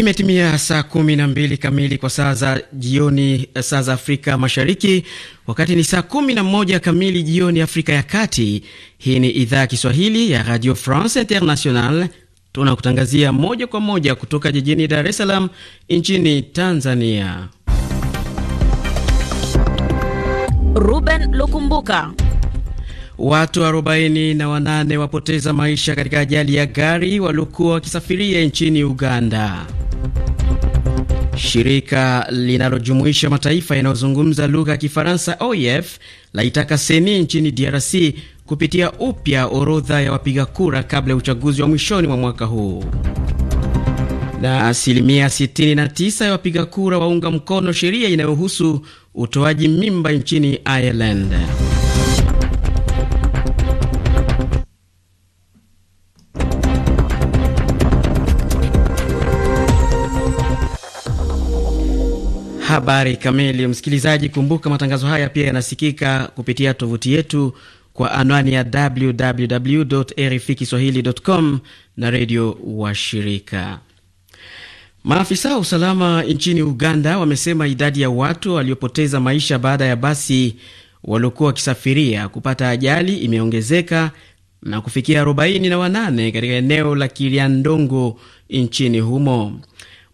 Imetimia saa kumi na mbili kamili kwa saa za jioni, eh, saa za Afrika Mashariki, wakati ni saa kumi na moja kamili jioni Afrika ya Kati. Hii ni idhaa ya Kiswahili ya Radio France International, tunakutangazia moja kwa moja kutoka jijini Dar es Salaam nchini Tanzania. Ruben Lukumbuka. Watu 48 wapoteza maisha katika ajali ya gari waliokuwa wakisafiria nchini Uganda. Shirika linalojumuisha mataifa yanayozungumza lugha ya Kifaransa OIF e laitaka seni nchini DRC kupitia upya orodha ya wapiga kura kabla ya uchaguzi wa mwishoni mwa mwaka huu. Na asilimia 69 ya wapiga kura waunga mkono sheria inayohusu utoaji mimba nchini Ireland. Habari kamili, msikilizaji, kumbuka matangazo haya pia yanasikika kupitia tovuti yetu kwa anwani ya www RFI kiswahilicom na redio shirika. Maafisa wa usalama nchini Uganda wamesema idadi ya watu waliopoteza maisha baada ya basi waliokuwa wakisafiria kupata ajali imeongezeka na kufikia 48 katika eneo la Kiryandongo nchini humo.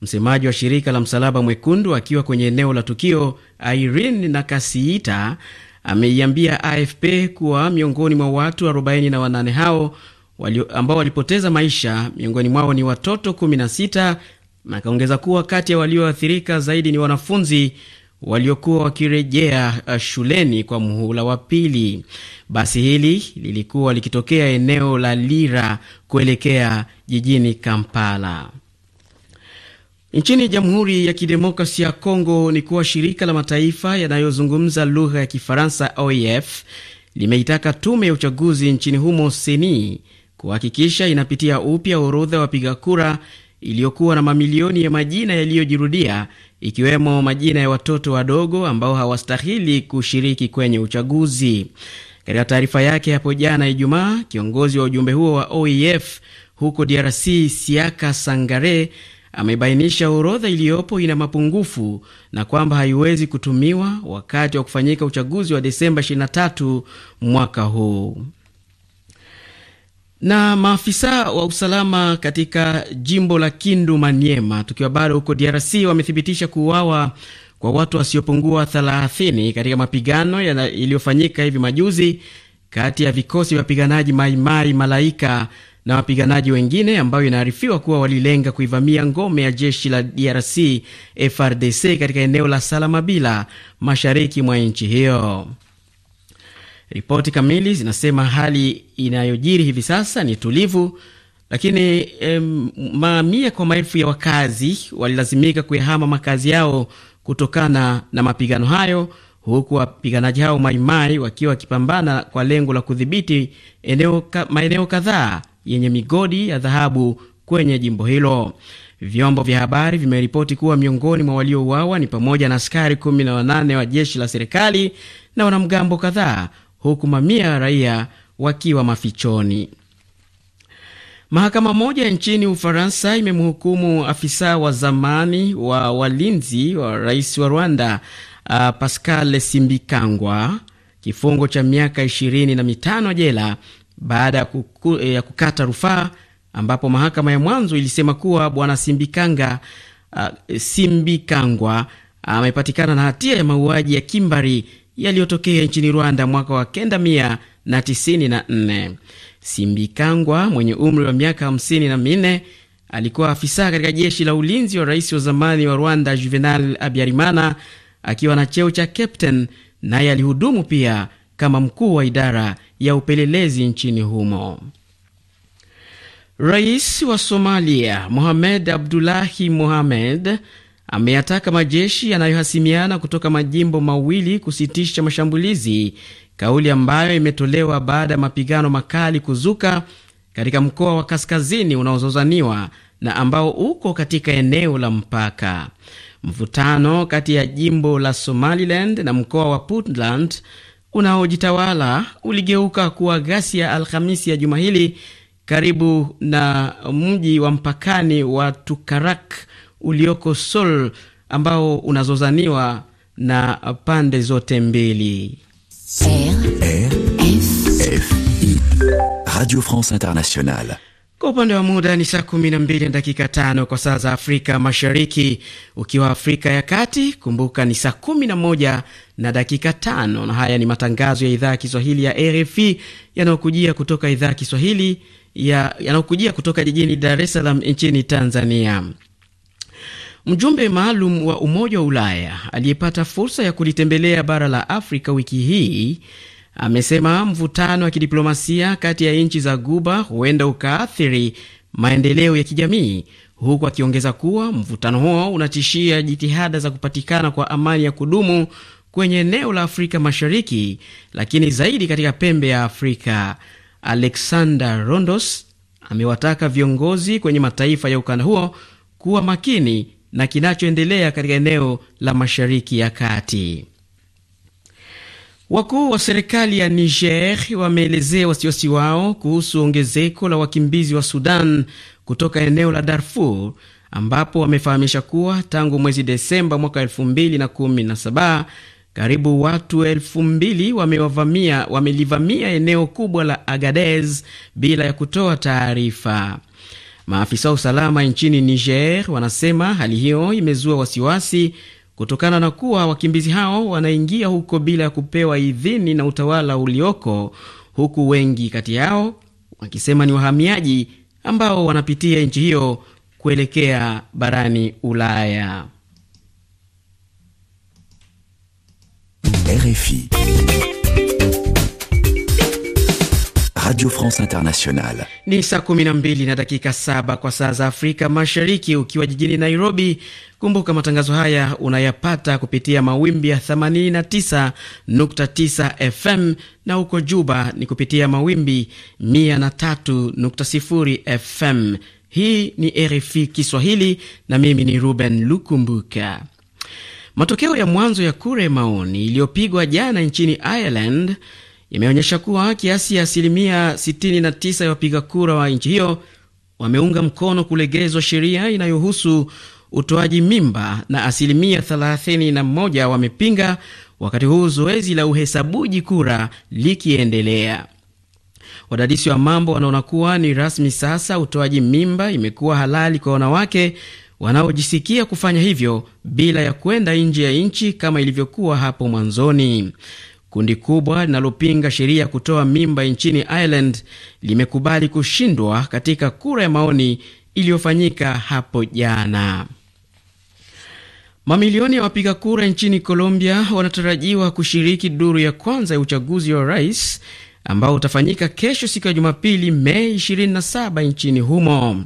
Msemaji wa shirika la Msalaba Mwekundu akiwa kwenye eneo la tukio, Irene Nakasiita ameiambia AFP kuwa miongoni mwa watu 48 hao wali, ambao walipoteza maisha miongoni mwao ni watoto 16 na akaongeza kuwa kati ya walioathirika zaidi ni wanafunzi waliokuwa wakirejea uh, shuleni kwa muhula wa pili. Basi hili lilikuwa likitokea eneo la Lira kuelekea jijini Kampala. Nchini Jamhuri ya Kidemokrasia ya Kongo ni kuwa shirika la mataifa yanayozungumza lugha ya Kifaransa OIF e limeitaka tume ya uchaguzi nchini humo seni kuhakikisha inapitia upya orodha wa wapiga kura iliyokuwa na mamilioni ya majina yaliyojirudia ikiwemo majina ya watoto wadogo ambao hawastahili kushiriki kwenye uchaguzi. Katika taarifa yake hapo jana Ijumaa, kiongozi wa ujumbe huo wa OIF e huko DRC Siaka Sangare amebainisha orodha iliyopo ina mapungufu na kwamba haiwezi kutumiwa wakati wa kufanyika uchaguzi wa Desemba 23 mwaka huu. Na maafisa wa usalama katika jimbo la Kindu Maniema, tukiwa bado huko DRC, wamethibitisha kuuawa kwa watu wasiopungua 30 katika mapigano iliyofanyika hivi majuzi kati ya vikosi vya wapiganaji Maimai Malaika na wapiganaji wengine ambayo inaarifiwa kuwa walilenga kuivamia ngome ya jeshi la DRC FRDC katika eneo la Salamabila mashariki mwa nchi hiyo. Ripoti kamili zinasema hali inayojiri hivi sasa ni tulivu, lakini em, mamia kwa maelfu ya wakazi walilazimika kuyahama makazi yao kutokana na mapigano hayo, huku wapiganaji hao maimai wakiwa wakipambana kwa lengo la kudhibiti maeneo kadhaa yenye migodi ya dhahabu kwenye jimbo hilo. Vyombo vya habari vimeripoti kuwa miongoni mwa waliouawa ni pamoja na askari 18 wa jeshi la serikali na wanamgambo kadhaa, huku mamia ya raia wakiwa mafichoni. Mahakama moja nchini Ufaransa imemhukumu afisa wa zamani wa walinzi wa rais wa Rwanda uh, Pascal Simbikangwa kifungo cha miaka ishirini na mitano jela baada ya, kuku, eh, ya kukata rufaa ambapo mahakama ya mwanzo ilisema kuwa bwana Simbikanga uh, Simbikangwa amepatikana uh, na hatia ya mauaji ya kimbari yaliyotokea nchini Rwanda mwaka wa kenda mia na tisini na nne. Simbikangwa mwenye umri wa miaka hamsini na minne alikuwa afisa katika jeshi la ulinzi wa rais wa zamani wa Rwanda Juvenal abiarimana akiwa na cheo cha captain, naye alihudumu pia kama mkuu wa idara ya upelelezi nchini humo. Rais wa Somalia Mohamed Abdullahi Mohamed ameyataka majeshi yanayohasimiana kutoka majimbo mawili kusitisha mashambulizi, kauli ambayo imetolewa baada ya mapigano makali kuzuka katika mkoa wa kaskazini unaozozaniwa na ambao uko katika eneo la mpaka. Mvutano kati ya jimbo la Somaliland na mkoa wa Puntland unaojitawala uligeuka kuwa ghasia Alhamisi ya juma hili karibu na mji wa mpakani wa Tukarak ulioko sol ambao unazozaniwa na pande zote mbili. Radio France Internationale. Kwa upande wa muda ni saa kumi na mbili na dakika tano kwa saa za Afrika Mashariki, ukiwa Afrika ya Kati kumbuka ni saa kumi na moja na dakika tano. Na haya ni matangazo ya idhaa ya Kiswahili ya RFI yanayokujia kutoka idhaa ya Kiswahili yanayokujia kutoka jijini Dar es Salaam nchini Tanzania. Mjumbe maalum wa Umoja wa Ulaya aliyepata fursa ya kulitembelea bara la Afrika wiki hii amesema mvutano wa kidiplomasia kati ya nchi za Guba huenda ukaathiri maendeleo ya kijamii, huku akiongeza kuwa mvutano huo unatishia jitihada za kupatikana kwa amani ya kudumu kwenye eneo la Afrika Mashariki, lakini zaidi katika pembe ya Afrika. Alexander Rondos amewataka viongozi kwenye mataifa ya ukanda huo kuwa makini na kinachoendelea katika eneo la Mashariki ya Kati. Wakuu wa serikali ya Niger wameelezea wasiwasi wao kuhusu ongezeko la wakimbizi wa Sudan kutoka eneo la Darfur ambapo wamefahamisha kuwa tangu mwezi Desemba mwaka 2017 karibu watu elfu mbili wamewavamia wamelivamia eneo kubwa la Agadez bila ya kutoa taarifa. Maafisa wa usalama nchini Niger wanasema hali hiyo imezua wasiwasi kutokana na kuwa wakimbizi hao wanaingia huko bila ya kupewa idhini na utawala ulioko, huku wengi kati yao wakisema ni wahamiaji ambao wanapitia nchi hiyo kuelekea barani Ulaya. RFI. Radio France Internationale. Ni saa 12 na dakika saba kwa saa za Afrika Mashariki. Ukiwa jijini Nairobi, kumbuka matangazo haya unayapata kupitia mawimbi ya 89.9 FM na huko Juba ni kupitia mawimbi 103.0 FM. Hii ni RFI Kiswahili na mimi ni Ruben Lukumbuka. Matokeo ya mwanzo ya kura ya maoni iliyopigwa jana nchini Ireland imeonyesha kuwa kiasi ya asilimia 69 ya wapiga kura wa nchi hiyo wameunga mkono kulegezwa sheria inayohusu utoaji mimba na asilimia 31 wamepinga, wakati huu zoezi la uhesabuji kura likiendelea. Wadadisi wa mambo wanaona kuwa ni rasmi sasa utoaji mimba imekuwa halali kwa wanawake wanaojisikia kufanya hivyo bila ya kwenda nje ya nchi kama ilivyokuwa hapo mwanzoni. Kundi kubwa linalopinga sheria ya kutoa mimba nchini Ireland limekubali kushindwa katika kura ya maoni iliyofanyika hapo jana. Mamilioni ya wapiga kura nchini Colombia wanatarajiwa kushiriki duru ya kwanza ya uchaguzi wa rais ambao utafanyika kesho siku ya Jumapili, Mei 27 nchini humo.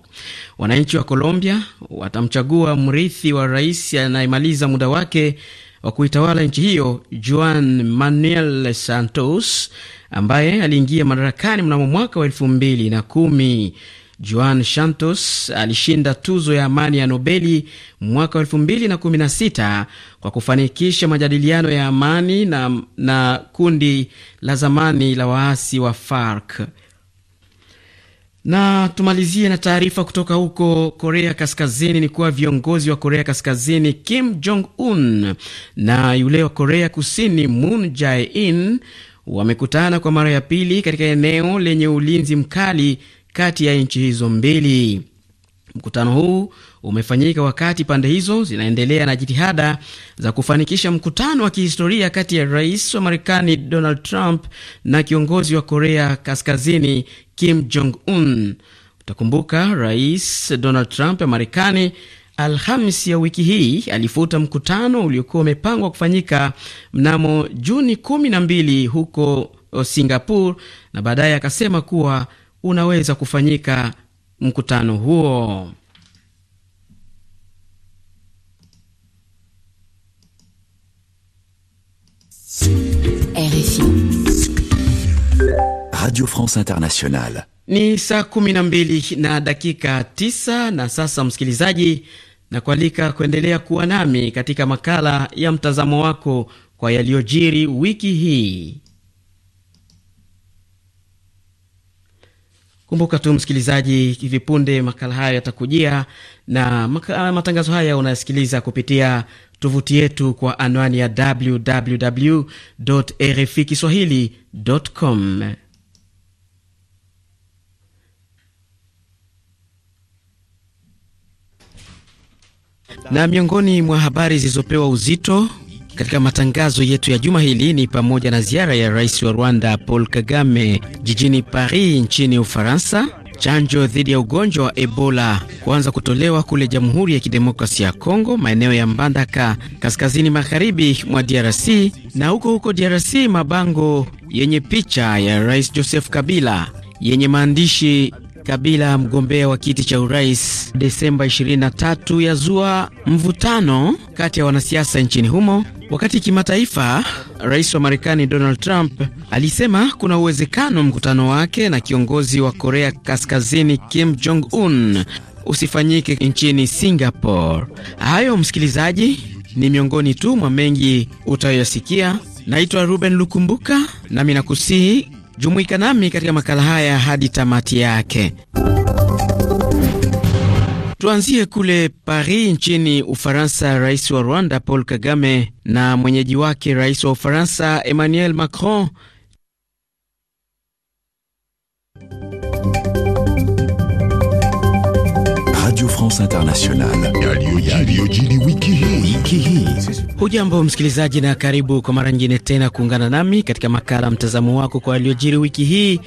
Wananchi wa Colombia watamchagua mrithi wa rais anayemaliza muda wake wa kuitawala nchi hiyo Juan Manuel Santos ambaye aliingia madarakani mnamo mwaka wa elfu mbili na kumi. Juan Santos alishinda tuzo ya amani ya Nobeli mwaka wa elfu mbili na kumi na sita kwa kufanikisha majadiliano ya amani na, na kundi la zamani la waasi wa FARC. Na tumalizie na taarifa kutoka huko Korea Kaskazini ni kuwa viongozi wa Korea Kaskazini Kim Jong Un na yule wa Korea Kusini Moon Jae-in wamekutana kwa mara ya pili katika eneo lenye ulinzi mkali kati ya nchi hizo mbili. Mkutano huu umefanyika wakati pande hizo zinaendelea na jitihada za kufanikisha mkutano wa kihistoria kati ya rais wa Marekani Donald Trump na kiongozi wa Korea Kaskazini Kim Jong Un. Utakumbuka Rais Donald Trump ya Marekani Alhamisi ya wiki hii alifuta mkutano uliokuwa umepangwa kufanyika mnamo Juni 12 huko Singapore na baadaye akasema kuwa unaweza kufanyika mkutano huo. RFI. Radio France Internationale. Ni saa kumi na mbili na dakika tisa na sasa, msikilizaji, na kualika kuendelea kuwa nami katika makala ya mtazamo wako kwa yaliyojiri wiki hii. Kumbuka tu msikilizaji, hivi punde makala hayo yatakujia na matangazo haya unayasikiliza kupitia tovuti yetu kwa anwani ya www RFI kiswahilicom. Na miongoni mwa habari zilizopewa uzito katika matangazo yetu ya juma hili ni pamoja na ziara ya rais wa Rwanda Paul Kagame jijini Paris nchini Ufaransa Chanjo dhidi ya ugonjwa wa Ebola kuanza kutolewa kule Jamhuri ya Kidemokrasia ya Kongo, maeneo ya Mbandaka, kaskazini magharibi mwa DRC. Na huko huko DRC, mabango yenye picha ya Rais Joseph Kabila yenye maandishi Kabila, mgombea wa kiti cha urais Desemba 23, yazua mvutano kati ya wanasiasa nchini humo, wakati kimataifa, rais wa Marekani Donald Trump alisema kuna uwezekano mkutano wake na kiongozi wa Korea Kaskazini Kim Jong Un usifanyike nchini Singapore. Hayo msikilizaji, ni miongoni tu mwa mengi utayoyasikia Naitwa Ruben Lukumbuka, nami nakusihi Jumuika nami katika makala haya hadi tamati yake. Tuanzie kule Paris nchini Ufaransa. Rais wa Rwanda Paul Kagame na mwenyeji wake rais wa Ufaransa Emmanuel Macron Radio France Internationale wiki hii. Wiki hii. Hujambo msikilizaji, na karibu kwa mara nyingine tena kuungana nami katika makala mtazamo wako kwa yaliyojiri wiki hii,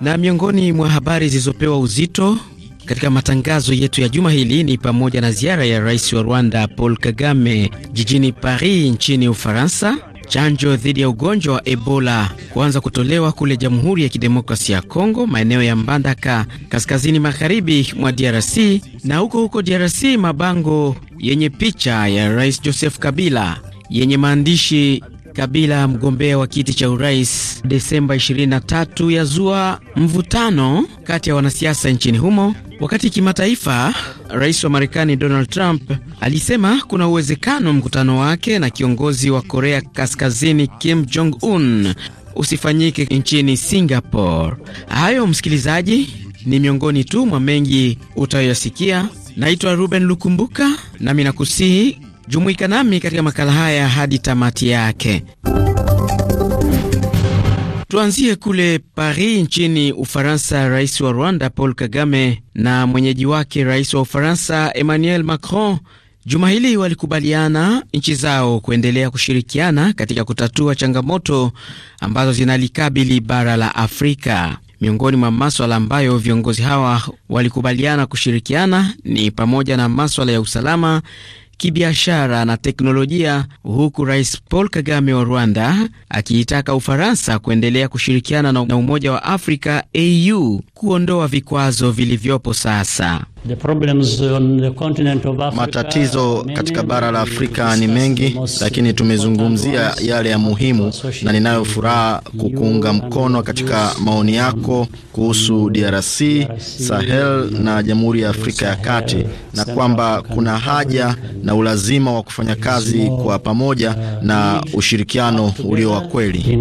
na miongoni mwa habari zilizopewa uzito katika matangazo yetu ya juma hili ni pamoja na ziara ya rais wa Rwanda Paul Kagame jijini Paris nchini Ufaransa Chanjo dhidi ya ugonjwa wa Ebola kuanza kutolewa kule Jamhuri ya Kidemokrasia ya Kongo, maeneo ya Mbandaka, kaskazini magharibi mwa DRC. Na huko huko DRC, mabango yenye picha ya Rais Joseph Kabila yenye maandishi Kabila, mgombea wa kiti cha urais Desemba 23, yazua mvutano kati ya wanasiasa nchini humo, wakati kimataifa, rais wa Marekani Donald Trump alisema kuna uwezekano mkutano wake na kiongozi wa Korea Kaskazini Kim Jong Un usifanyike nchini Singapore. Hayo msikilizaji, ni miongoni tu mwa mengi utayosikia. Naitwa Ruben Lukumbuka, nami nakusihi Jumuika nami katika makala haya hadi tamati yake. Tuanzie kule Paris nchini Ufaransa. Rais wa Rwanda Paul Kagame na mwenyeji wake rais wa Ufaransa Emmanuel Macron juma hili walikubaliana nchi zao kuendelea kushirikiana katika kutatua changamoto ambazo zinalikabili bara la Afrika. Miongoni mwa maswala ambayo viongozi hawa walikubaliana kushirikiana ni pamoja na maswala ya usalama, kibiashara na teknolojia, huku Rais Paul Kagame wa Rwanda akiitaka Ufaransa kuendelea kushirikiana na Umoja wa Afrika au kuondoa vikwazo vilivyopo sasa. The problems on the continent of Africa, matatizo katika bara la Afrika ni mengi, lakini tumezungumzia yale ya muhimu, na ninayo furaha kukuunga mkono katika maoni yako kuhusu DRC, Sahel na Jamhuri ya Afrika ya Kati, na kwamba kuna haja na ulazima wa kufanya kazi kwa pamoja na uh, ushirikiano ulio wa kweli.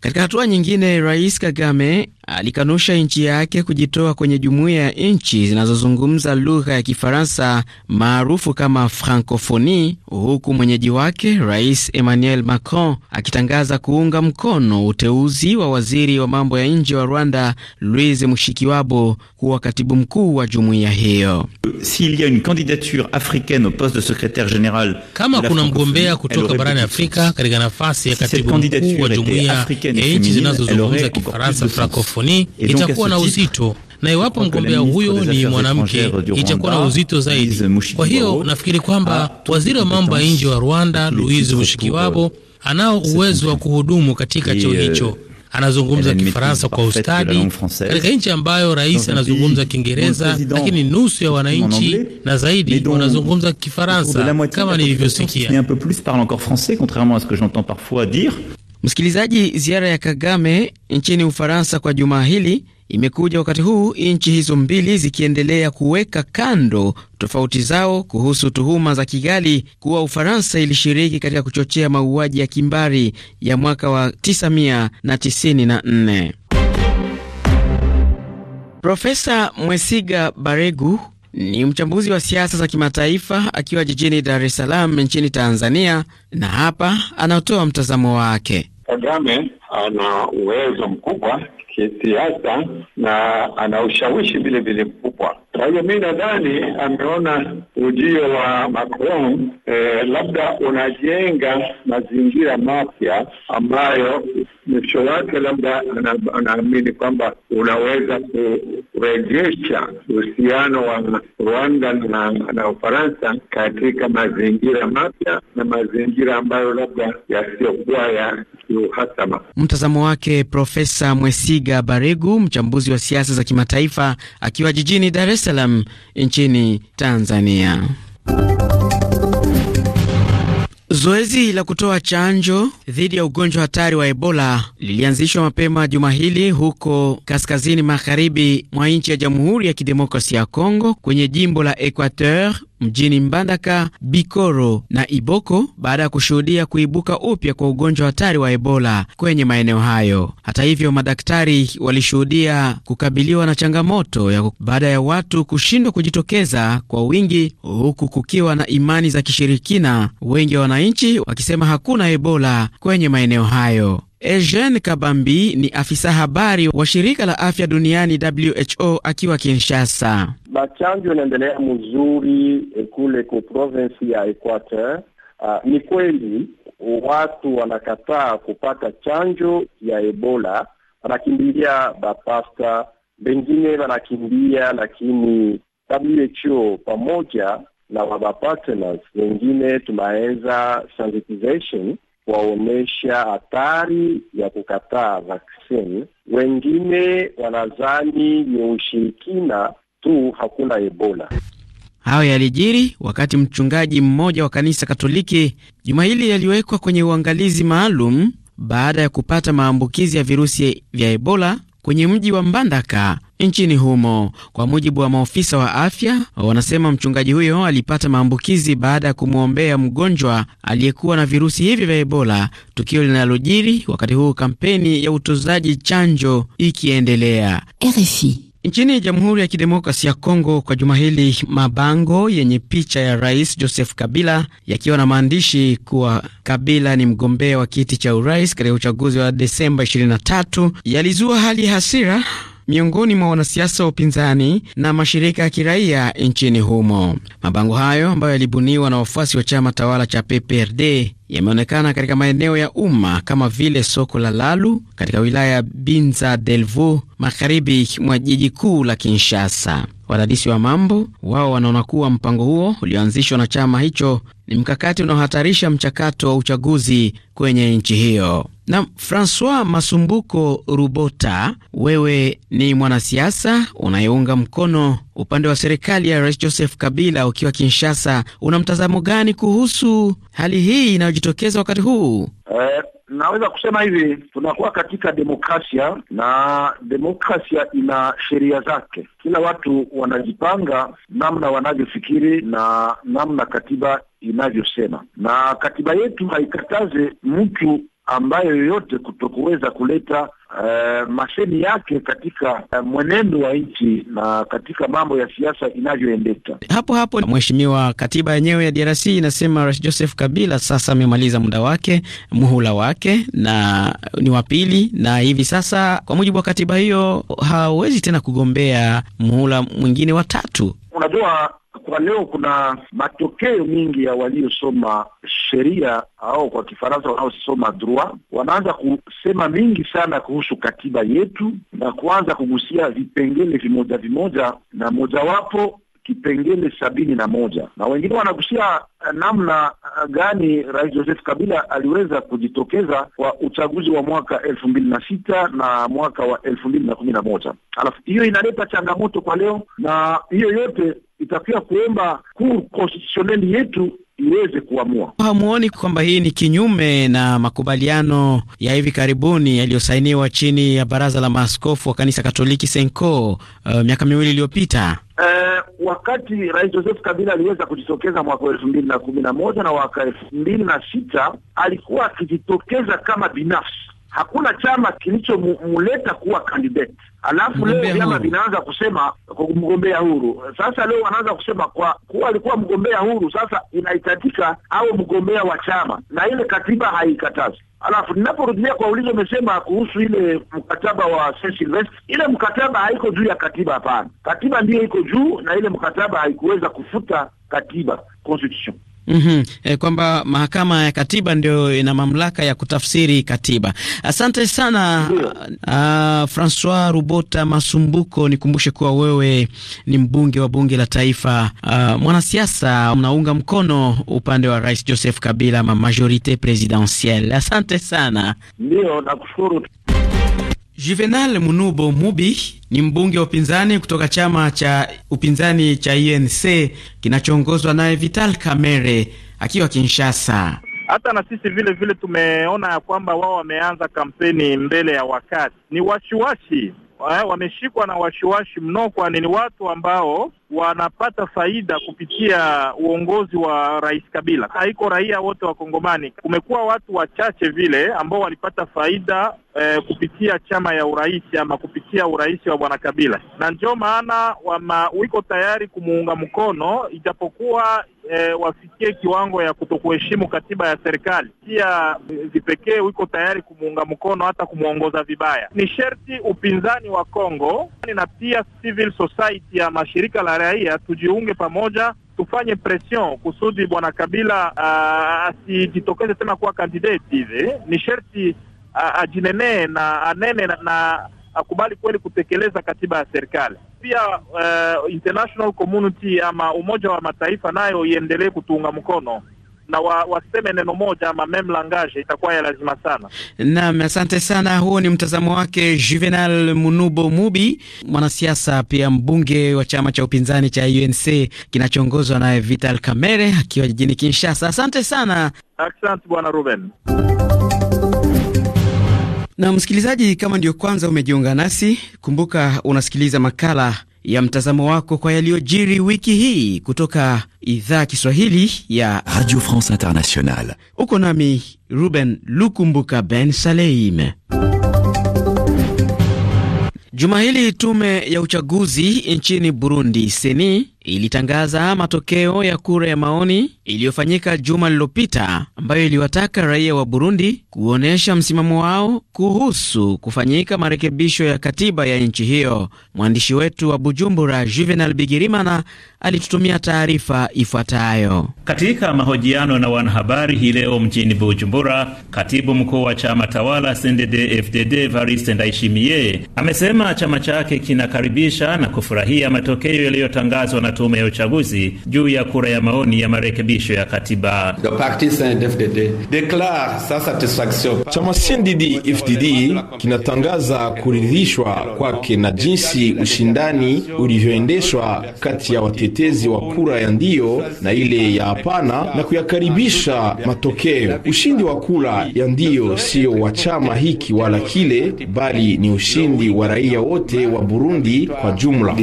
Katika hatua nyingine, Rais Kagame alikanusha nchi yake kujitoa kwenye jumuiya ya nchi zinazozungumza lugha ya Kifaransa maarufu kama Francofoni, huku mwenyeji wake Rais Emmanuel Macron akitangaza kuunga mkono uteuzi wa waziri wa mambo ya nje wa Rwanda Louise Mushikiwabo kuwa katibu mkuu wa jumuiya hiyo. Kama kuna mgombea kutoka barani Afrika katika nafasi ya katibu mkuu wa jumuiya nchi zinazozungumza Kifaransa frankofoni itakuwa na uzito na iwapo mgombea huyo ni mwanamke itakuwa na uzito zaidi. Kwa hiyo nafikiri kwamba ah, waziri wa mambo ya nje wa Rwanda Louise Mushikiwabo anao uwezo wa kuhudumu katika cheo euh, hicho. Anazungumza Kifaransa kwa ustadi katika nchi ambayo rais anazungumza Kiingereza, lakini nusu ya wananchi na zaidi wanazungumza Kifaransa kama nilivyosikia. Msikilizaji, ziara ya Kagame nchini Ufaransa kwa jumaa hili imekuja wakati huu nchi hizo mbili zikiendelea kuweka kando tofauti zao kuhusu tuhuma za Kigali kuwa Ufaransa ilishiriki katika kuchochea mauaji ya kimbari ya mwaka wa 1994. Profesa Mwesiga Baregu ni mchambuzi wa siasa za kimataifa akiwa jijini Dar es Salaam nchini Tanzania, na hapa anatoa mtazamo wake. Kagame ana uwezo mkubwa kisiasa na ana ushawishi vilevile mkubwa kwa hiyo mi nadhani ameona ujio wa Macron eh, labda unajenga mazingira mapya ambayo mwisho wake labda anaamini kwamba unaweza kurejesha uhusiano wa Rwanda na, na Ufaransa katika mazingira mapya na mazingira ambayo labda yasiyokuwa ya kiuhasama. Mtazamo wake Profesa Mwesiga Baregu, mchambuzi wa siasa za kimataifa akiwa jijini Dar es Salaam nchini Tanzania. Zoezi la kutoa chanjo dhidi ya ugonjwa hatari wa Ebola lilianzishwa mapema juma hili huko kaskazini magharibi mwa nchi ya Jamhuri ya Kidemokrasia ya Kongo kwenye jimbo la Equateur mjini Mbandaka, Bikoro na Iboko baada ya kushuhudia kuibuka upya kwa ugonjwa hatari wa Ebola kwenye maeneo hayo. Hata hivyo, madaktari walishuhudia kukabiliwa na changamoto ya baada ya watu kushindwa kujitokeza kwa wingi, huku kukiwa na imani za kishirikina, wengi wa wananchi wakisema hakuna Ebola kwenye maeneo hayo. Eugene Kabambi ni afisa habari wa shirika la afya duniani WHO akiwa Kinshasa. Machanjo inaendelea mzuri eh, kule ku province ya Equateur. Uh, ni kweli watu wanakataa kupata chanjo ya Ebola, wanakimbilia bapasta, wengine wanakimbia, lakini WHO pamoja na wabapartners wengine tunaenza sensitization kuwaonyesha hatari ya kukataa vaksini. Wengine wanadhani ni ushirikina tu, hakuna Ebola. Hayo yalijiri wakati mchungaji mmoja wa kanisa Katoliki juma hili yaliwekwa kwenye uangalizi maalum baada ya kupata maambukizi ya virusi vya Ebola kwenye mji wa Mbandaka nchini humo. Kwa mujibu wa maofisa wa afya, wanasema mchungaji huyo alipata maambukizi baada ya kumwombea mgonjwa aliyekuwa na virusi hivi vya Ebola, tukio linalojiri wakati huu kampeni ya utozaji chanjo ikiendelea. RFI. Nchini Jamhuri ya Kidemokrasi ya Kongo kwa juma hili, mabango yenye picha ya Rais Joseph Kabila yakiwa na maandishi kuwa Kabila ni mgombea wa kiti cha urais katika uchaguzi wa Desemba 23 yalizua hali ya hasira miongoni mwa wanasiasa wa upinzani na mashirika ya kiraia nchini humo. Mabango hayo ambayo yalibuniwa na wafuasi wa chama tawala cha PPRD yameonekana katika maeneo ya umma kama vile soko la Lalu katika wilaya ya Binza Delvo, magharibi mwa jiji kuu la Kinshasa. Wadadisi wa mambo wao wanaona kuwa mpango huo ulioanzishwa na chama hicho ni mkakati unaohatarisha mchakato wa uchaguzi kwenye nchi hiyo. Na Francois Masumbuko Rubota, wewe ni mwanasiasa unayeunga mkono upande wa serikali ya Rais Joseph Kabila ukiwa Kinshasa, una mtazamo gani kuhusu hali hii inayo yanajitokeza wakati huu? Eh, naweza kusema hivi, tunakuwa katika demokrasia na demokrasia ina sheria zake. Kila watu wanajipanga namna wanavyofikiri na namna katiba inavyosema, na katiba yetu haikataze mtu ambayo yoyote kutokuweza kuleta uh, eh, masheni yake katika uh, mwenendo wa nchi na katika mambo ya siasa inavyoendeka. Hapo hapo, mheshimiwa, katiba yenyewe ya DRC inasema Rais Joseph Kabila sasa amemaliza muda wake, muhula wake na ni wa pili, na hivi sasa kwa mujibu wa katiba hiyo hawezi tena kugombea muhula mwingine wa tatu. Unajua kwa leo kuna matokeo mingi ya waliosoma sheria au kwa Kifaransa wanaosoma droit, wanaanza kusema mingi sana kuhusu katiba yetu na kuanza kugusia vipengele vimoja vimoja, na mojawapo kipengele sabini na moja na wengine wanagusia eh, namna eh, gani Rais Joseph Kabila aliweza kujitokeza kwa uchaguzi wa mwaka elfu mbili na sita na mwaka wa elfu mbili na kumi na moja alafu hiyo inaleta changamoto kwa leo, na hiyo yote itakuwa kuomba kuu yetu iweze kuamua. Hamuoni kwamba hii ni kinyume na makubaliano ya hivi karibuni yaliyosainiwa chini ya baraza la maaskofu wa kanisa Katoliki Senko, uh, miaka miwili iliyopita? Uh, wakati Rais Joseph Kabila aliweza kujitokeza mwaka wa elfu mbili na kumi na moja na mwaka elfu mbili na sita alikuwa akijitokeza kama binafsi hakuna chama kilichomuleta kuwa kandidet Alafu leo vyama vinaanza kusema mgombea huru. Sasa leo wanaanza kusema kwa kuwa alikuwa mgombea huru, sasa inahitajika au mgombea wa chama, na ile katiba haikatazi. Alafu ninaporudia kwa ulizo umesema kuhusu ile mkataba wa Saint ile mkataba haiko juu ya katiba. Hapana, katiba ndiyo iko juu, na ile mkataba haikuweza kufuta katiba, constitution mm -hmm. E, kwamba mahakama ya katiba ndio ina mamlaka ya kutafsiri katiba. Asante sana a, ah, ah, Francois Rubota Masumbuko, nikumbushe kuwa wewe ni mbunge wa bunge la taifa, ah, mwanasiasa mnaunga mkono upande wa Rais Joseph Kabila ma majorite presidentielle. Asante sana. Ndio, nakushukuru. Juvenal Munubo Mubi ni mbunge wa upinzani kutoka chama cha upinzani cha UNC e kinachoongozwa naye Vital Kamerhe akiwa Kinshasa. Hata na sisi vile vile tumeona ya kwamba wao wameanza kampeni mbele ya wakati. Ni washiwashi eh, wameshikwa na washiwashi mno, kwani ni watu ambao wanapata faida kupitia uongozi wa Rais Kabila. Haiko raia wote wa Kongomani, kumekuwa watu wachache vile ambao walipata faida eh, kupitia chama ya urais ama kupitia urais wa bwana Kabila, na ndio maana wama wiko tayari kumuunga mkono ijapokuwa E, wafikie kiwango ya kutokuheshimu katiba ya serikali. Pia eh, vipekee wiko tayari kumuunga mkono hata kumwongoza vibaya. Ni sherti upinzani wa Kongo na pia civil society ya mashirika la raia tujiunge pamoja, tufanye pression kusudi bwana Kabila ah, asijitokeze tena kuwa kandideti. hivi. Ni sherti ajinenee na anene na, na akubali kweli kutekeleza katiba ya serikali pia. Uh, international community ama Umoja wa Mataifa nayo iendelee kutuunga mkono na wa, waseme neno moja ama meme langage itakuwa ya lazima sana. Naam, asante sana. Huo ni mtazamo wake Juvenal Munubo Mubi, mwanasiasa pia mbunge wa chama cha upinzani cha UNC kinachoongozwa naye Vital Kamerhe akiwa jijini Kinshasa. Asante sana. Asante bwana Ruben. Na msikilizaji, kama ndiyo kwanza umejiunga nasi, kumbuka unasikiliza makala ya mtazamo wako kwa yaliyojiri wiki hii kutoka idhaa Kiswahili ya Radio France Internationale. Uko nami Ruben Lukumbuka Ben Saleim. Juma hili tume ya uchaguzi nchini Burundi seni ilitangaza matokeo ya kura ya maoni iliyofanyika juma lililopita ambayo iliwataka raia wa Burundi kuonyesha msimamo wao kuhusu kufanyika marekebisho ya katiba ya nchi hiyo. Mwandishi wetu wa Bujumbura, Juvenal Bigirimana, alitutumia taarifa ifuatayo. Katika mahojiano na wanahabari hii leo mjini Bujumbura, katibu mkuu wa chama tawala CNDD-FDD Variste Ndayishimiye amesema chama chake kinakaribisha na kufurahia matokeo yaliyotangazwa na tume ya uchaguzi juu ya kura ya maoni ya marekebisho ya katiba. Chama CNDD-FDD kinatangaza kuridhishwa kwake na jinsi ushindani ulivyoendeshwa kati ya watetezi wa kura ya ndiyo na ile ya hapana na kuyakaribisha matokeo. Ushindi wa kura ya ndiyo siyo wa chama hiki wala kile, bali ni ushindi wa raia wote wa Burundi kwa jumla.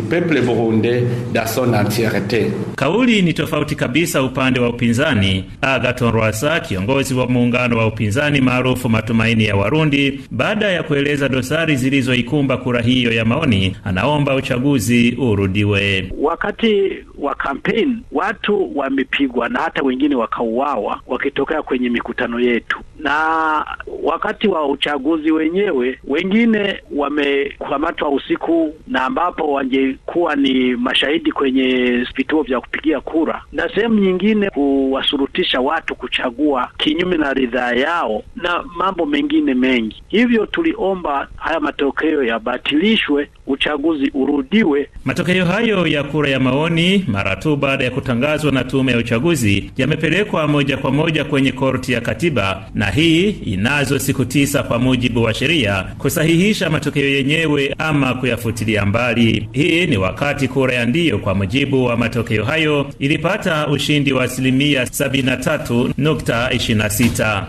Kauli ni tofauti kabisa upande wa upinzani. agaton Rwasa, kiongozi wa muungano wa upinzani maarufu Matumaini ya Warundi, baada ya kueleza dosari zilizoikumba kura hiyo ya maoni, anaomba uchaguzi urudiwe. Wakati wa kampeni watu wamepigwa na hata wengine wakauawa wakitokea kwenye mikutano yetu, na wakati wa uchaguzi wenyewe wengine wamekamatwa usiku, na ambapo wangekuwa ni mashahidi kwenye kwenye vituo vya kupigia kura, na sehemu nyingine kuwashurutisha watu kuchagua kinyume na ridhaa yao na mambo mengine mengi. Hivyo tuliomba haya matokeo yabatilishwe, uchaguzi urudiwe. Matokeo hayo ya kura ya maoni mara tu baada ya kutangazwa na tume ya uchaguzi yamepelekwa moja kwa moja kwenye korti ya katiba, na hii inazo siku tisa kwa mujibu wa sheria kusahihisha matokeo yenyewe ama kuyafutilia mbali. Hii ni wakati kura ya ndiyo kwa mujibu mujibu wa matokeo hayo ilipata ushindi wa asilimia 73.26.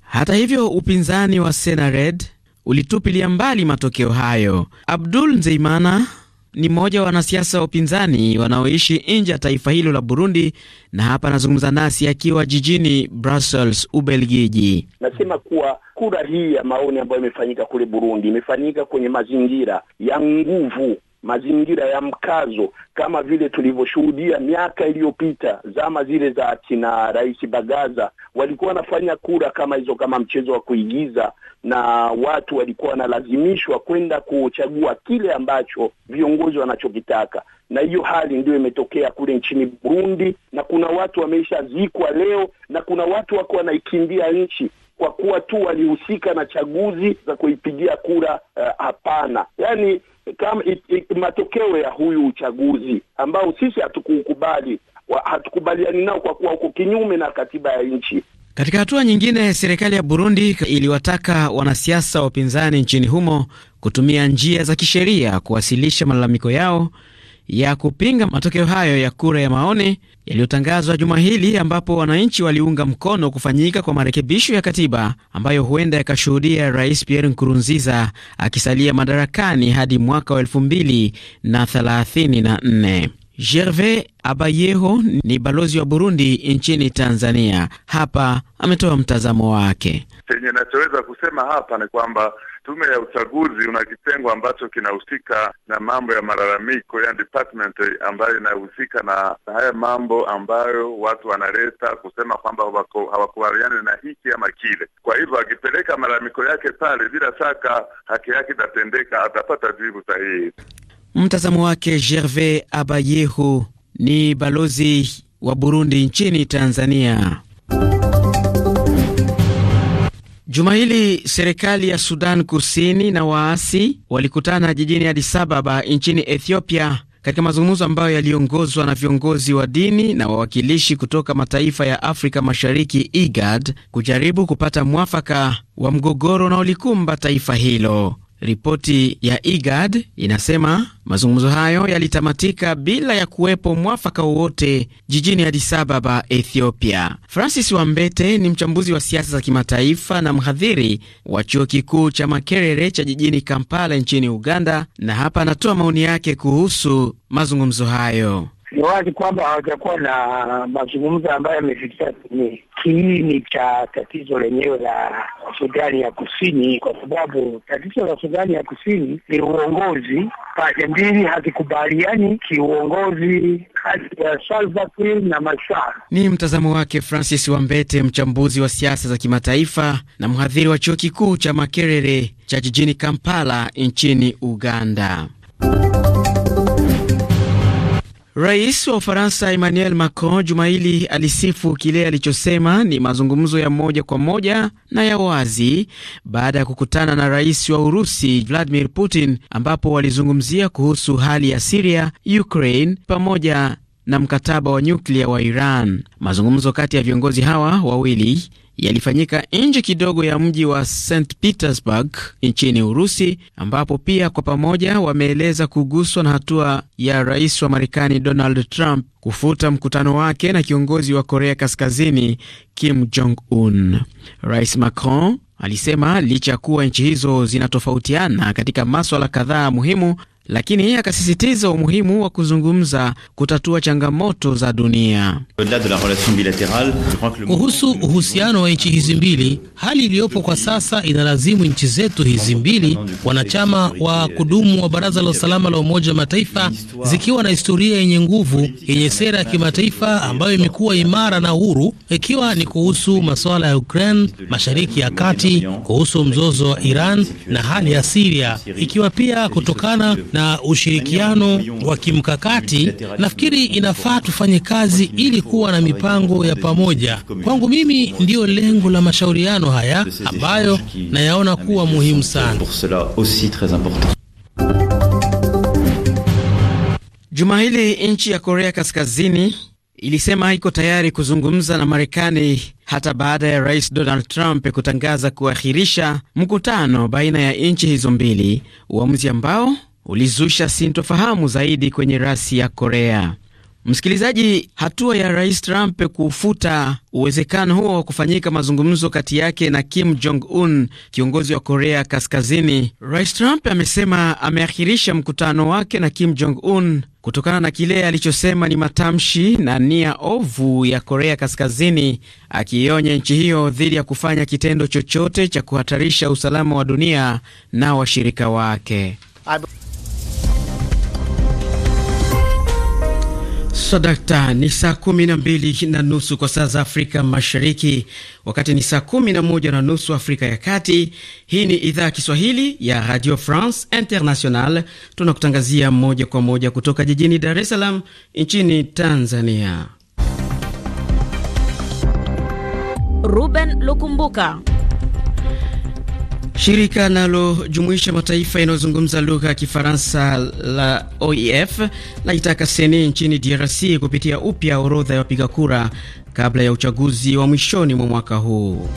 Hata hivyo upinzani wa Senared ulitupilia mbali matokeo hayo. Abdul Nzeimana ni mmoja wa wanasiasa wa upinzani wanaoishi nje ya taifa hilo la Burundi, na hapa anazungumza nasi akiwa jijini Brussels, Ubelgiji. Nasema kuwa kura hii ya maoni ambayo imefanyika kule Burundi imefanyika kwenye mazingira ya nguvu mazingira ya mkazo kama vile tulivyoshuhudia miaka iliyopita, zama zile za kina Rais Bagaza, walikuwa wanafanya kura kama hizo kama mchezo wa kuigiza, na watu walikuwa wanalazimishwa kwenda kuchagua kile ambacho viongozi wanachokitaka, na hiyo hali ndio imetokea kule nchini Burundi, na kuna watu wameishazikwa leo, na kuna watu wako wanaikimbia nchi kwa kuwa tu walihusika na chaguzi za kuipigia kura. Eh, hapana, uh, yani kama it, it, matokeo ya huyu uchaguzi ambao sisi hatukuukubali, hatukubaliani nao kwa kuwa uko kinyume na katiba ya nchi. Katika hatua nyingine, serikali ya Burundi iliwataka wanasiasa wa upinzani nchini humo kutumia njia za kisheria kuwasilisha malalamiko yao ya kupinga matokeo hayo ya kura ya maoni yaliyotangazwa juma hili, ambapo wananchi waliunga mkono kufanyika kwa marekebisho ya katiba ambayo huenda yakashuhudia Rais Pierre Nkurunziza akisalia madarakani hadi mwaka wa elfu mbili na thelathini na nne. Gervais Abayeho ni balozi wa Burundi nchini Tanzania. Hapa ametoa mtazamo wake. Chenye nachoweza kusema hapa ni kwamba tume ya uchaguzi una kitengo ambacho kinahusika na mambo ya malalamiko, yani department ambayo inahusika na haya mambo ambayo watu wanaleta kusema kwamba hawakubaliani na hiki ama kile. Kwa hivyo akipeleka malalamiko yake pale, bila shaka haki yake itatendeka, atapata jibu sahihi. Mtazamo wake Gervais Abayehu, ni balozi wa Burundi nchini Tanzania. Juma hili serikali ya Sudan Kusini na waasi walikutana jijini Addis Ababa nchini Ethiopia katika mazungumzo ambayo yaliongozwa na viongozi wa dini na wawakilishi kutoka mataifa ya Afrika Mashariki IGAD kujaribu kupata mwafaka wa mgogoro unaolikumba taifa hilo. Ripoti ya IGAD inasema mazungumzo hayo yalitamatika bila ya kuwepo mwafaka wowote jijini Addis Ababa, Ethiopia. Francis Wambete ni mchambuzi wa siasa za kimataifa na mhadhiri wa chuo kikuu cha Makerere cha jijini Kampala nchini Uganda, na hapa anatoa maoni yake kuhusu mazungumzo hayo ni wazi kwamba hawajakuwa na mazungumzo ambayo yamefikia kwenye kiini cha tatizo lenyewe la Sudani ya Kusini, kwa sababu tatizo la Sudani ya Kusini ni uongozi. Pande mbili hazikubaliani kiuongozi kati ya Salva Kiir na Machar. Ni mtazamo wake Francis Wambete, mchambuzi wa siasa za kimataifa na mhadhiri wa chuo kikuu cha Makerere cha jijini Kampala nchini Uganda. Rais wa Ufaransa Emmanuel Macron juma hili alisifu kile alichosema ni mazungumzo ya moja kwa moja na ya wazi baada ya kukutana na rais wa Urusi Vladimir Putin, ambapo walizungumzia kuhusu hali ya Siria, Ukraine pamoja na mkataba wa nyuklia wa Iran. Mazungumzo kati ya viongozi hawa wawili yalifanyika nje kidogo ya mji wa St Petersburg nchini Urusi, ambapo pia kwa pamoja wameeleza kuguswa na hatua ya rais wa Marekani Donald Trump kufuta mkutano wake na kiongozi wa Korea Kaskazini Kim Jong Un. Rais Macron alisema licha ya kuwa nchi hizo zinatofautiana katika maswala kadhaa muhimu lakini akasisitiza umuhimu wa kuzungumza kutatua changamoto za dunia. Kuhusu uhusiano wa nchi hizi mbili, hali iliyopo kwa sasa inalazimu nchi zetu hizi mbili, wanachama wa kudumu wa Baraza la Usalama la Umoja wa Mataifa, zikiwa na historia yenye nguvu, yenye sera ya kimataifa ambayo imekuwa imara na huru, ikiwa ni kuhusu masuala ya Ukraine, Mashariki ya Kati, kuhusu mzozo wa Iran na hali ya Siria, ikiwa pia kutokana na ushirikiano wa kimkakati, nafikiri inafaa tufanye kazi ili kuwa na mipango ya pamoja. Kwangu mimi, ndiyo lengo la mashauriano haya ambayo nayaona kuwa muhimu sana. Juma hili nchi ya Korea Kaskazini ilisema iko tayari kuzungumza na Marekani hata baada ya rais Donald Trump kutangaza kuahirisha mkutano baina ya nchi hizo mbili, uamuzi ambao ulizusha sintofahamu zaidi kwenye rasi ya Korea. Msikilizaji, hatua ya Rais Trump kufuta uwezekano huo wa kufanyika mazungumzo kati yake na Kim Jong Un, kiongozi wa Korea Kaskazini. Rais Trump amesema ameahirisha mkutano wake na Kim Jong Un kutokana na kile alichosema ni matamshi na nia ovu ya Korea Kaskazini, akiionya nchi hiyo dhidi ya kufanya kitendo chochote cha kuhatarisha usalama wa dunia na washirika wake I'm sadakta ni saa kumi na mbili na nusu kwa saa za Afrika Mashariki, wakati ni saa kumi na moja na nusu Afrika ya Kati. Hii ni idhaa ya Kiswahili ya Radio France International, tunakutangazia moja kwa moja kutoka jijini Dar es Salaam nchini Tanzania. Ruben Lukumbuka Shirika linalojumuisha mataifa yanayozungumza lugha ya Kifaransa la OIF e laitaka seni nchini DRC kupitia upya orodha ya wapiga kura kabla ya uchaguzi wa mwishoni mwa mwaka huu.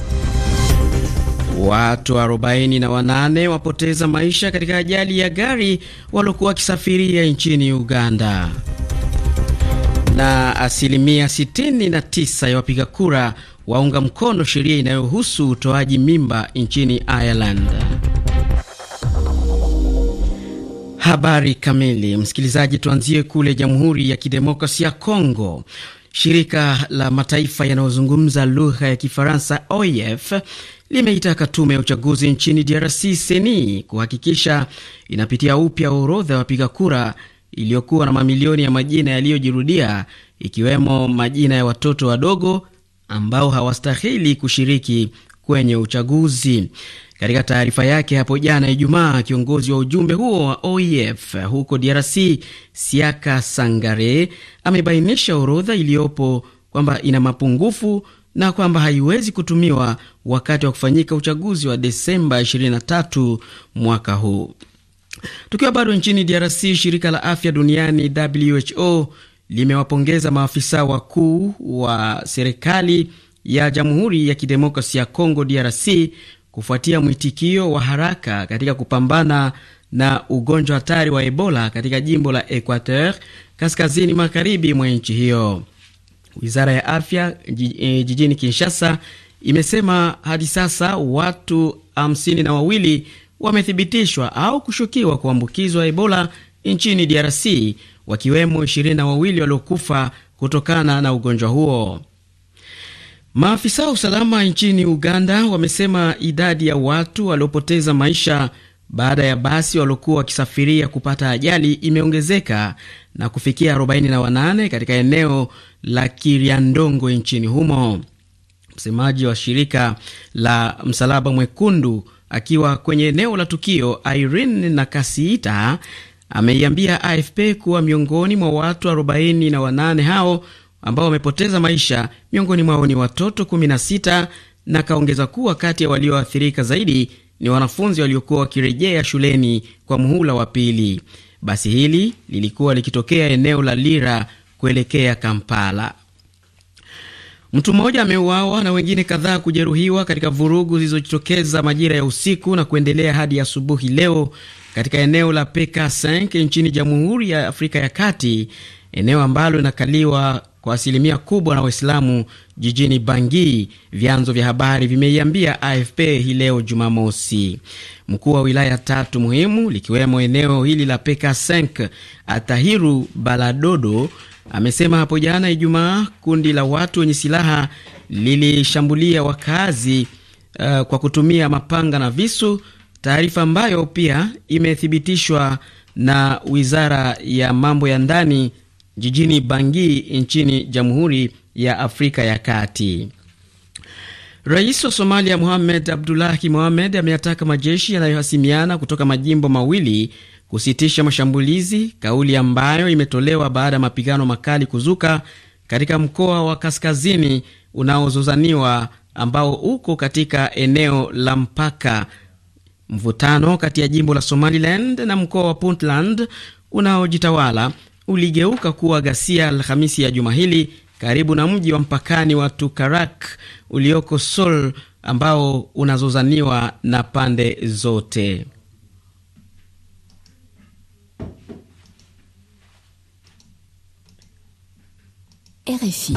Watu 48 wapoteza maisha katika ajali ya gari waliokuwa wakisafiria nchini Uganda, na asilimia 69 ya wapiga kura waunga mkono sheria inayohusu utoaji mimba nchini Ireland. Habari kamili, msikilizaji, tuanzie kule Jamhuri ya Kidemokrasia ya Kongo. Shirika la mataifa yanayozungumza lugha ya Kifaransa OIF e limeitaka tume ya uchaguzi nchini DRC seni kuhakikisha inapitia upya orodha ya wapiga kura iliyokuwa na mamilioni ya majina yaliyojirudia ikiwemo majina ya watoto wadogo ambao hawastahili kushiriki kwenye uchaguzi. Katika taarifa yake hapo jana Ijumaa, kiongozi wa ujumbe huo wa OEF huko DRC Siaka Sangare amebainisha orodha iliyopo kwamba ina mapungufu na kwamba haiwezi kutumiwa wakati wa kufanyika uchaguzi wa Desemba 23 mwaka huu. Tukiwa bado nchini DRC, shirika la afya duniani WHO limewapongeza maafisa wakuu wa serikali ya Jamhuri ya Kidemokrasi ya congo DRC kufuatia mwitikio wa haraka katika kupambana na ugonjwa hatari wa Ebola katika jimbo la Equateur kaskazini magharibi mwa nchi hiyo. Wizara ya afya e, jijini Kinshasa imesema hadi sasa watu hamsini na wawili wamethibitishwa au kushukiwa kuambukizwa Ebola nchini DRC wakiwemo ishirini na wawili waliokufa kutokana na ugonjwa huo. Maafisa wa usalama nchini Uganda wamesema idadi ya watu waliopoteza maisha baada ya basi waliokuwa wakisafiria kupata ajali imeongezeka na kufikia 48 katika eneo la Kiriandongo nchini humo. Msemaji wa shirika la Msalaba Mwekundu akiwa kwenye eneo la tukio, Irene Nakasiita ameiambia AFP kuwa miongoni mwa watu 48 hao ambao wamepoteza maisha, miongoni mwao ni watoto 16, na akaongeza kuwa kati ya walioathirika zaidi ni wanafunzi waliokuwa wakirejea shuleni kwa muhula wa pili. Basi hili lilikuwa likitokea eneo la Lira kuelekea Kampala. Mtu mmoja ameuawa na wengine kadhaa kujeruhiwa katika vurugu zilizojitokeza majira ya usiku na kuendelea hadi asubuhi leo katika eneo la PK5 nchini Jamhuri ya Afrika ya Kati, eneo ambalo linakaliwa kwa asilimia kubwa na Waislamu jijini bangi vyanzo vya habari vimeiambia AFP hii leo Jumamosi. Mkuu wa wilaya tatu muhimu likiwemo eneo hili la PK5, Atahiru Baladodo amesema hapo jana Ijumaa kundi la watu wenye silaha lilishambulia wakazi uh, kwa kutumia mapanga na visu taarifa ambayo pia imethibitishwa na wizara ya mambo ya ndani jijini bangi nchini Jamhuri ya Afrika ya Kati. Rais wa Somalia Mohamed Abdullahi Mohamed ameyataka majeshi yanayohasimiana kutoka majimbo mawili kusitisha mashambulizi, kauli ambayo imetolewa baada ya mapigano makali kuzuka katika mkoa wa kaskazini unaozozaniwa ambao uko katika eneo la mpaka Mvutano kati ya jimbo la Somaliland na mkoa wa Puntland unaojitawala uligeuka kuwa ghasia Alhamisi ya juma hili karibu na mji wa mpakani wa Tukarak ulioko Sol ambao unazozaniwa na pande zote. RFI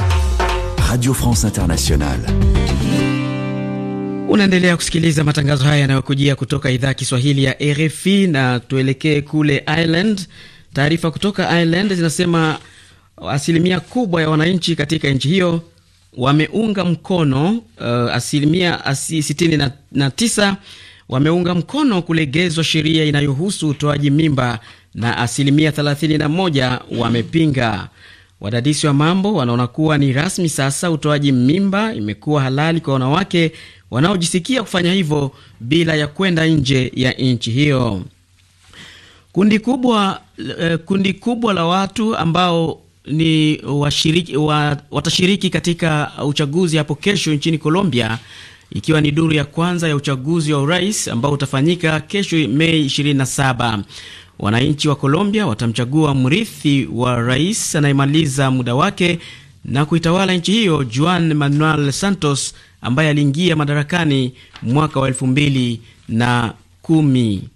Radio France Internationale. Unaendelea kusikiliza matangazo haya yanayokujia kutoka idhaa ya Kiswahili ya RFI na tuelekee kule Ireland. Taarifa kutoka Ireland zinasema asilimia kubwa ya wananchi katika nchi hiyo wameunga mkono uh, asilimia asi, sitini na, na tisa wameunga mkono kulegezwa sheria inayohusu utoaji mimba na asilimia thelathini na moja wamepinga. Wadadisi wa mambo wanaona kuwa ni rasmi sasa utoaji mimba imekuwa halali kwa wanawake wanaojisikia kufanya hivyo bila ya kwenda nje ya nchi hiyo. Kundi kubwa, eh, kundi kubwa la watu ambao ni washiriki, wa, watashiriki katika uchaguzi hapo kesho nchini Colombia ikiwa ni duru ya kwanza ya uchaguzi wa urais ambao utafanyika kesho Mei 27. Wananchi wa Colombia watamchagua mrithi wa rais anayemaliza muda wake na kuitawala nchi hiyo Juan Manuel Santos ambaye aliingia madarakani mwaka wa elfu mbili na kumi.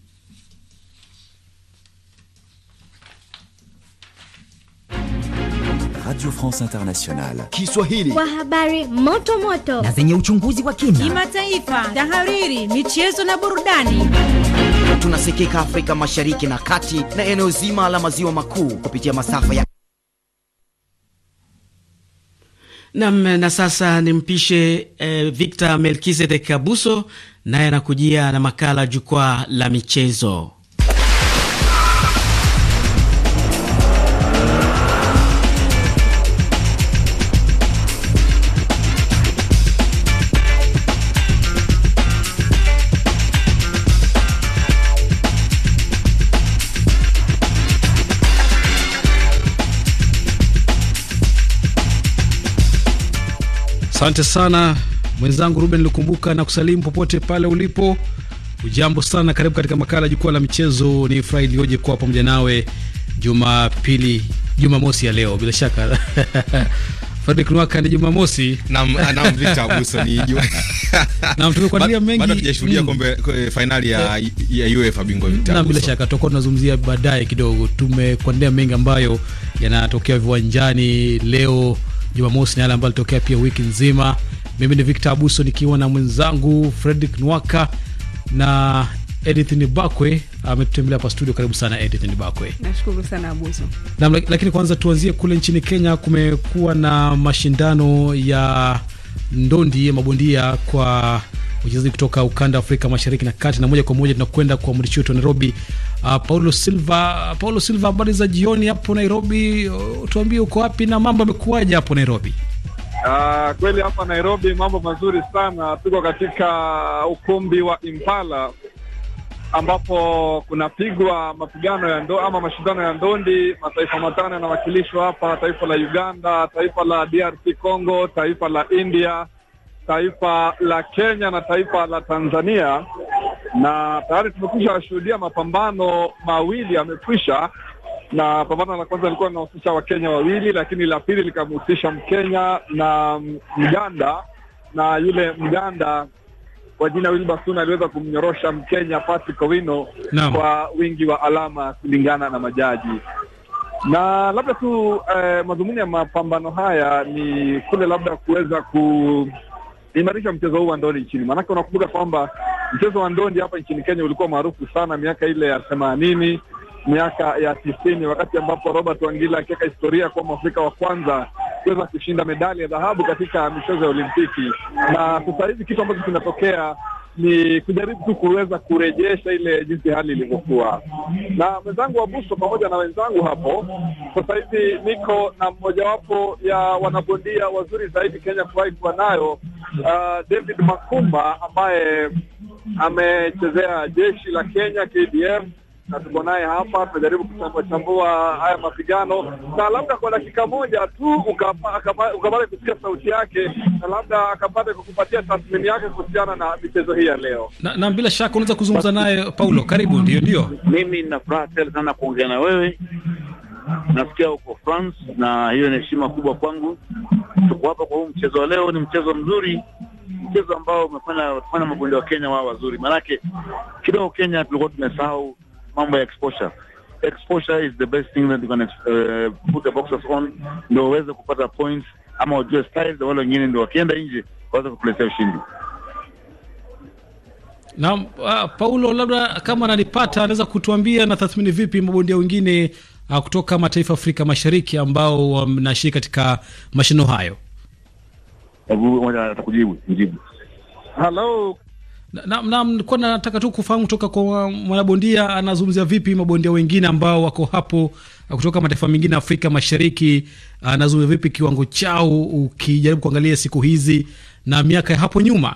Radio France Internationale Kiswahili, kwa habari moto moto na zenye uchunguzi wa kina, kimataifa, tahariri, michezo na burudani. Tunasikika Afrika Mashariki na Kati na eneo zima la maziwa makuu kupitia masafa ya Nam, na sasa nimpishe eh, Victor Melkizedek Abuso, naye anakujia na makala jukwaa la michezo. Asante sana mwenzangu Ruben Lukumbuka na kusalimu popote pale ulipo. Ujambo sana, karibu katika makala jukwaa la michezo. Ni furaha iliyoje kuwa pamoja nawe Jumapili, Jumamosi ya leo bila shaka Fredrick Nwaka ni Jumamosi. Naam, naam Victor Abuso ni Juma. Naam, mengi. Bado tujashuhudia kombe eh, finali ya eh. ya UEFA bingwa Victor. Naam, bila shaka tutakuwa tunazungumzia baadaye kidogo. Tumekuandalia mengi ambayo yanatokea viwanjani leo Jumamosi na yale ambayo alitokea pia wiki nzima. Mimi ni Victor Abuso nikiwa na mwenzangu Fredrick Nwaka na Edith Nibakwe ametutembelea hapa studio. Karibu sana Edith Nibakwe. Nashukuru sana Abuso. Na, lakini kwanza tuanzie kule nchini Kenya. Kumekuwa na mashindano ya ndondi ya mabondia kwa wachezaji kutoka ukanda wa Afrika Mashariki na Kati, na moja kwa moja tunakwenda kwa mwandishi wetu wa Nairobi uh, Paulo Silva. Paulo Silva, habari za jioni hapo Nairobi. Uh, tuambie uko wapi na mambo yamekuwaje hapo Nairobi? Uh, kweli hapa Nairobi mambo mazuri sana. Tuko katika ukumbi wa Impala ambapo kunapigwa mapigano ya ndo, ama mashindano ya ndondi. Mataifa matano yanawakilishwa hapa, taifa la Uganda, taifa la DRC Congo, taifa la India, taifa la Kenya na taifa la Tanzania na tayari tumekwisha shuhudia mapambano mawili yamekwisha, na pambano la kwanza lilikuwa linahusisha Wakenya wawili, lakini la pili likamhusisha Mkenya na Mganda, na yule Mganda kwa jina Wilbasuna aliweza kumnyorosha Mkenya Patrick Owino kwa wingi wa alama kulingana na majaji na labda tu eh, madhumuni ya mapambano haya ni kule labda kuweza ku nimarisha mchezo huu wa ndondi nchini. Maanake unakumbuka kwamba mchezo wa ndondi hapa nchini Kenya ulikuwa maarufu sana miaka ile ya themanini, miaka ya tisini, wakati ambapo Robert Wangila akiweka historia kuwa mwafrika wa kwanza kuweza kushinda medali ya dhahabu katika michezo ya Olimpiki. Na sasa hivi kitu ambacho kinatokea ni kujaribu tu kuweza kurejesha ile jinsi hali ilivyokuwa. Na mwenzangu wa Buso pamoja na wenzangu hapo, sasa hivi niko na mmojawapo ya wanabondia wazuri zaidi Kenya kuwahi kuwa nayo, uh, David Makumba ambaye amechezea jeshi la Kenya KDF na tuko naye hapa, tunajaribu kuchambua haya mapigano, na labda kwa dakika moja tu ukapata kusikia sauti yake, na labda akapata kukupatia tathmini yake kuhusiana na michezo hii ya leo. Na, na bila shaka unaweza kuzungumza naye Paulo. Karibu. Ndio, ndio, mimi nina furaha tele sana kuongea na wewe nasikia huko France na hiyo ni heshima kubwa kwangu. Tuko hapa kwa huu mchezo wa leo, ni mchezo mzuri, mchezo ambao umefanya magundi wa Kenya wao wazuri, maanake kidogo Kenya tulikuwa tumesahau mambo ya exposure. Exposure is the best thing that you can uh, put the boxers on ndio uweze kupata points ama ujue style styles wale wengine ndio wakienda nje waweze kukuletea ushindi. Na uh, ah, Paulo, labda kama ananipata anaweza kutuambia na tathmini vipi mabondia wengine uh, kutoka mataifa Afrika Mashariki ambao wanashiriki um, katika mashindano hayo. Atakujibu njibu. Hello, na nilikuwa na, nataka tu kufahamu kutoka kwa mwanabondia anazungumzia vipi mabondia wengine ambao wako hapo uh, kutoka mataifa mengine Afrika Mashariki, uh, anazungumzia vipi kiwango chao ukijaribu kuangalia siku hizi na miaka ya hapo nyuma?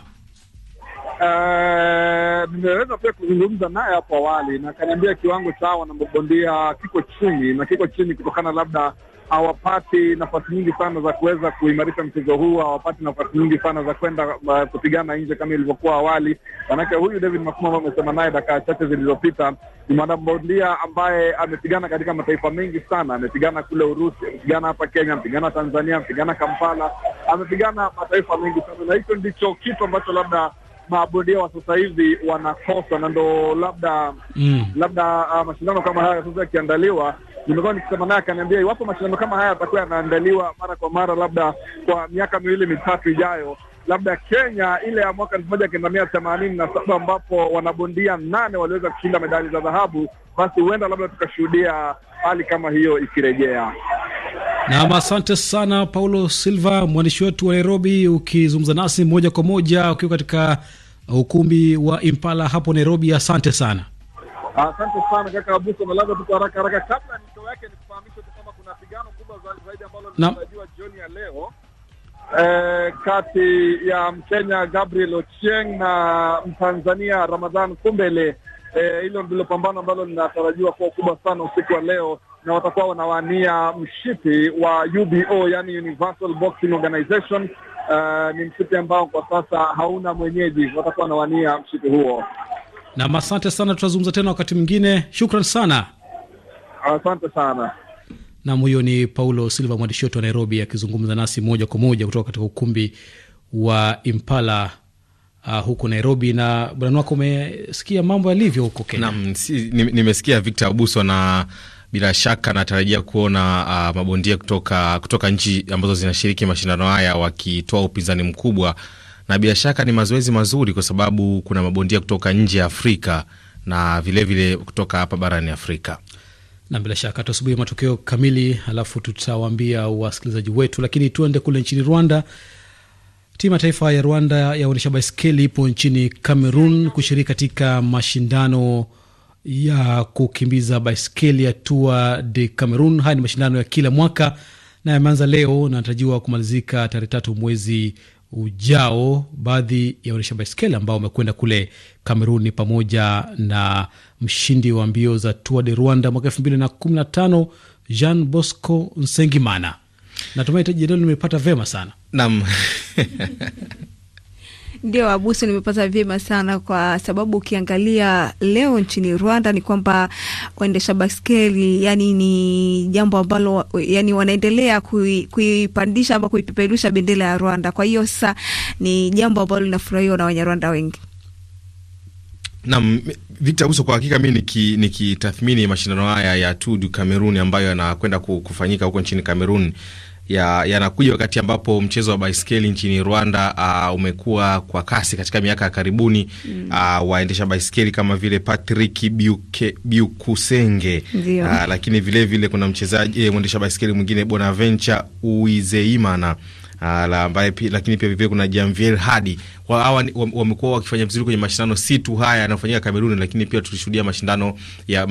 Eh, nimeweza uh, pia kuzungumza naye hapo awali na akaniambia kiwango chao na mabondia kiko chini na kiko chini kutokana labda hawapati nafasi nyingi sana za kuweza kuimarisha mchezo huu, hawapati nafasi nyingi sana za kwenda uh, kupigana nje kama ilivyokuwa awali. Manake huyu David Masimamo amesema naye dakika chache zilizopita, ni mwanabondia ambaye amepigana katika mataifa mengi sana. Amepigana kule Urusi, amepigana hapa Kenya, amepigana Tanzania, amepigana Kampala, amepigana mataifa mengi sana, na hicho ndicho kitu ambacho labda mabondia wa sasa hivi wanakosa, na ndo labda mm, labda uh, mashindano kama haya sasa yakiandaliwa nimekuwa nikisema naye, akaniambia iwapo mashindano kama haya yatakuwa yanaandaliwa mara kwa mara, labda kwa miaka miwili mitatu ijayo labda Kenya ile ya mwaka elfu moja kenda mia themanini na saba ambapo wanabondia nane waliweza kushinda medali za dhahabu, basi huenda labda tukashuhudia hali kama hiyo ikirejea. Nam, asante sana Paulo Silva, mwandishi wetu wa Nairobi, ukizungumza nasi moja kwa moja ukiwa katika ukumbi wa Impala hapo Nairobi. Asante sana. Asante sana kaka Abuso na labda tuko haraka haraka kabla ya yake, nikufahamishe tu kwamba kuna pigano kubwa zaidi ambalo linatarajiwa jioni ya leo eh, kati ya Mkenya Gabriel Ochieng na Mtanzania Ramadhan Kumbele. Eh, hilo eh, ndilo pambano ambalo linatarajiwa kuwa kubwa sana usiku wa leo, na watakuwa wanawania mshipi wa UBO, yani Universal Boxing Organization. Uh, ni mshipi ambao kwa sasa hauna mwenyeji, watakuwa wanawania mshipi huo. Nam, asante sana, tutazungumza tena wakati mwingine. Shukran sana, asante sana. Nam, huyo ni Paulo Silva, mwandishi wetu wa Nairobi, akizungumza nasi moja kwa moja kutoka katika ukumbi wa Impala Uh, huku Nairobi. Na bwana wako, umesikia mambo yalivyo huko Kenya? Naam, nimesikia Victor Abuso, na bila shaka natarajia kuona uh, mabondia kutoka, kutoka nchi ambazo zinashiriki mashindano haya wakitoa upinzani mkubwa na bila shaka ni mazoezi mazuri, kwa sababu kuna mabondia kutoka nje ya Afrika na vilevile vile kutoka hapa barani Afrika na bila shaka tuasubiri matokeo kamili, alafu tutawaambia wasikilizaji wetu. Lakini tuende kule nchini Rwanda. Timu ya taifa ya Rwanda ya uendesha baiskeli ipo nchini Cameroon kushiriki katika mashindano ya kukimbiza baiskeli ya Tour de Cameroon. Haya ni mashindano ya kila mwaka na yameanza leo na anatarajiwa kumalizika tarehe tatu mwezi ujao baadhi ya waendesha baiskeli ambao wamekwenda kule cameron pamoja na mshindi wa mbio za Tour de Rwanda mwaka elfu mbili na kumi na tano Jean Bosco Nsengimana. Natumai jedwali limepata vema sana nam Ndio, Abuso, nimepata vyema sana, kwa sababu ukiangalia leo nchini Rwanda ni kwamba waendesha baskeli, yani ni jambo ambalo, yani wanaendelea kuipandisha ama kuipeperusha bendera ya Rwanda. Kwa hiyo sasa ni jambo ambalo linafurahiwa na Wanyarwanda wengi. nam Victor Abuso, kwa hakika mi nikitathmini niki mashindano haya ya Tour du Cameroon ambayo yanakwenda kufanyika huko nchini Cameroon yanakuja ya wakati ambapo mchezo wa baiskeli nchini Rwanda uh, umekuwa kwa kasi katika miaka ya karibuni mm. Uh, waendesha baiskeli kama vile Patrick Biukusenge uh, lakini vilevile vile kuna mchezaji eh, mwendesha baiskeli mwingine Bonaventure Uizeimana Uh, la, ambaye, lakini pia vivyo kuna Janvier Hadi hawa wamekuwa wakifanya vizuri kwenye mashindano si tu haya yanayofanyika Kameruni, lakini pia tulishuhudia mashindano ya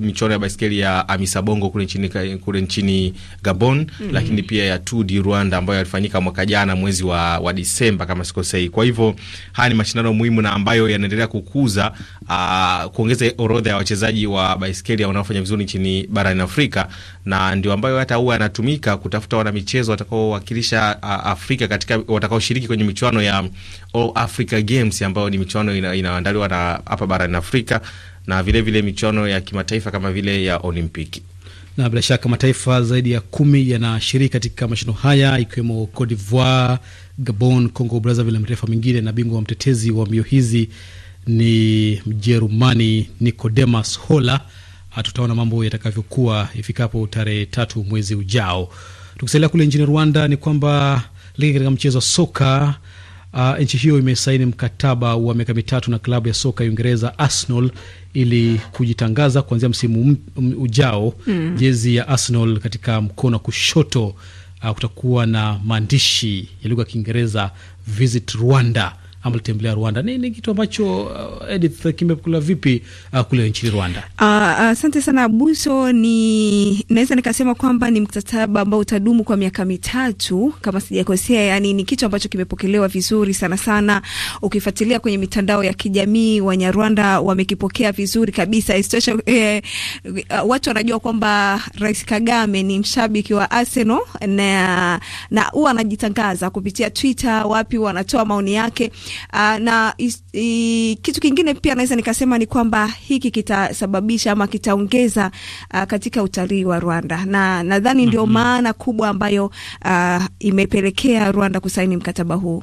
michoro ya baiskeli ya Amisa Bongo kule nchini, kule nchini Gabon mm -hmm. lakini pia ya Tour du Rwanda ambayo yalifanyika mwaka jana mwezi wa, wa Disemba kama sikosei. Kwa hivyo haya ni mashindano muhimu na ambayo yanaendelea kukuza aa, ah, kuongeza orodha ya wachezaji wa baiskeli wanaofanya vizuri nchini barani Afrika na ndio ambayo hata huwa yanatumika kutafuta wanamichezo watakaowakilisha ah, Afrika katika watakaoshiriki kwenye michuano ya All Africa Games ambayo ni michuano ina, inaandaliwa na hapa barani Afrika na vilevile vile michuano ya kimataifa kama vile ya Olimpiki na bila shaka mataifa zaidi ya kumi yanashiriki katika mashindano haya ikiwemo Cote d'Ivoire, Gabon, Congo Brazzaville na mataifa mengine, na bingwa wa mtetezi wa mbio hizi ni Mjerumani Nicodemus Hola. Tutaona mambo yatakavyokuwa ifikapo tarehe tatu mwezi ujao. Tukisalia kule nchini Rwanda, ni kwamba ligi katika mchezo wa soka Uh, nchi hiyo imesaini mkataba wa miaka mitatu na klabu ya soka ya Uingereza Arsenal ili kujitangaza kuanzia msimu ujao. Mm. Jezi ya Arsenal katika mkono wa kushoto uh, kutakuwa na maandishi ya lugha ya Kiingereza visit Rwanda ama litembelea Rwanda? ni kitu ambacho uh, Edith kimekula vipi uh, kule nchini Rwanda? Ah, ah, asante uh, uh, sana Buso. Ni naweza nikasema kwamba ni mkataba ambao utadumu kwa miaka mitatu kama sijakosea. Yani ni kitu ambacho kimepokelewa vizuri sana sana, ukifuatilia kwenye mitandao ya kijamii Wanyarwanda wamekipokea vizuri kabisa, isitoshe eh, uh, watu wanajua kwamba Rais Kagame ni mshabiki wa Arsenal na na huwa anajitangaza kupitia Twitter, wapi wanatoa maoni yake Uh, na i, i, kitu kingine pia naweza nikasema ni kwamba hiki kitasababisha ama kitaongeza uh, katika utalii wa Rwanda, na nadhani ndio mm -hmm. maana kubwa ambayo uh, imepelekea Rwanda kusaini mkataba huu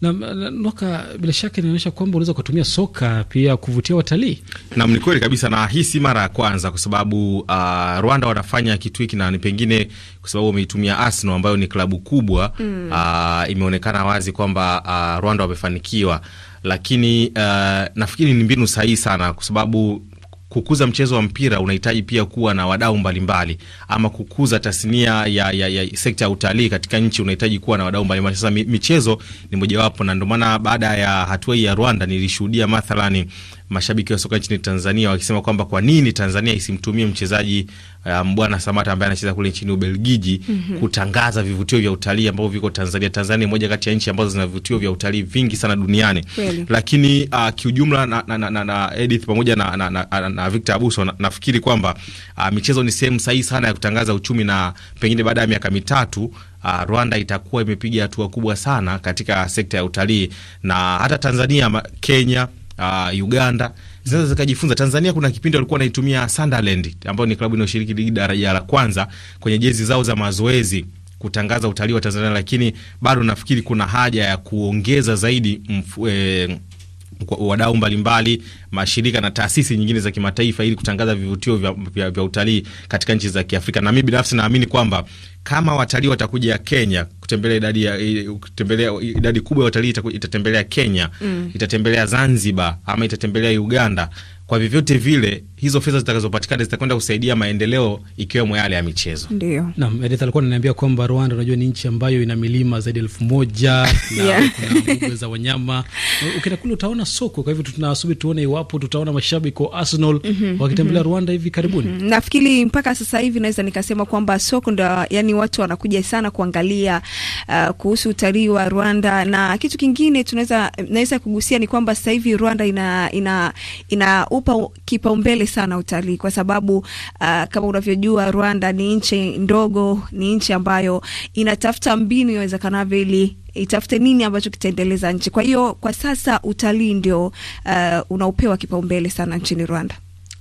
na, na Noka, bila shaka inaonyesha kwamba unaweza kutumia soka pia kuvutia watalii. nam ni kweli kabisa, na hii si mara ya kwanza, kwa sababu uh, Rwanda wanafanya kitu hiki, na ni pengine kwa sababu wameitumia Arsenal ambayo ni klabu kubwa mm. Uh, imeonekana wazi kwamba uh, Rwanda wamefanikiwa, lakini uh, nafikiri ni mbinu sahihi sana, kwa sababu kukuza mchezo wa mpira unahitaji pia kuwa na wadau mbalimbali, ama kukuza tasnia ya, ya, ya sekta ya utalii katika nchi unahitaji kuwa na wadau mbalimbali. Sasa michezo ni mojawapo, na ndio maana baada ya hatua hii ya Rwanda nilishuhudia mathalani mashabiki wa soka nchini Tanzania wakisema kwamba kwa nini Tanzania isimtumie mchezaji uh, Mbwana Samata ambaye anacheza kule nchini Ubelgiji mm -hmm. kutangaza vivutio vya utalii ambavyo viko Tanzania. Tanzania ni moja kati ya nchi ambazo zina vivutio vya utalii vingi sana duniani really. Lakini uh, kiujumla na, na, na, na, na Edith pamoja na, na, na, na Victor Abuso na, nafikiri kwamba uh, michezo ni sehemu sahihi sana ya kutangaza uchumi na pengine baada ya miaka mitatu Uh, Rwanda itakuwa imepiga hatua kubwa sana katika sekta ya utalii na hata Tanzania, Kenya uh, Uganda zinaweza zikajifunza. Tanzania kuna kipindi walikuwa wanaitumia Sunderland ambayo ni klabu inayoshiriki ligi daraja la kwanza kwenye jezi zao za mazoezi kutangaza utalii wa Tanzania, lakini bado nafikiri kuna haja ya kuongeza zaidi mfu, e, eh, wadau mbalimbali, mashirika na taasisi nyingine za kimataifa ili kutangaza vivutio vya, vya, vya utalii katika nchi za Kiafrika. Na mimi binafsi naamini kwamba kama watalii watakuja Kenya kutembelea idadi ya kutembelea idadi kubwa ya watalii itatembelea Kenya mm. itatembelea Zanzibar ama itatembelea Uganda, kwa vyovyote vile hizo fedha zitakazopatikana zitakwenda kusaidia maendeleo ikiwemo yale ya michezo. Ndio naam, Edith alikuwa ananiambia kwamba Rwanda, unajua ni nchi ambayo ina milima zaidi ya elfu moja na yeah. kuna mbuga za wanyama. Ukienda kule utaona soko, kwa hivyo tunasubiri tuone iwapo tutaona mashabiki wa Arsenal mm -hmm, wakitembelea mm -hmm. Rwanda hivi karibuni mm -hmm. Nafikiri mpaka sasa hivi naweza nikasema kwamba soko ndo yani lakini watu wanakuja sana kuangalia uh, kuhusu utalii wa Rwanda, na kitu kingine tunaweza naweza kugusia ni kwamba sasa hivi Rwanda ina ina inaupa kipaumbele sana utalii kwa sababu uh, kama unavyojua Rwanda ni nchi ndogo, ni nchi ambayo inatafuta mbinu yawezekanavyo ili itafute nini ambacho kitaendeleza nchi. Kwa hiyo kwa sasa utalii ndio uh, unaopewa kipaumbele sana nchini Rwanda.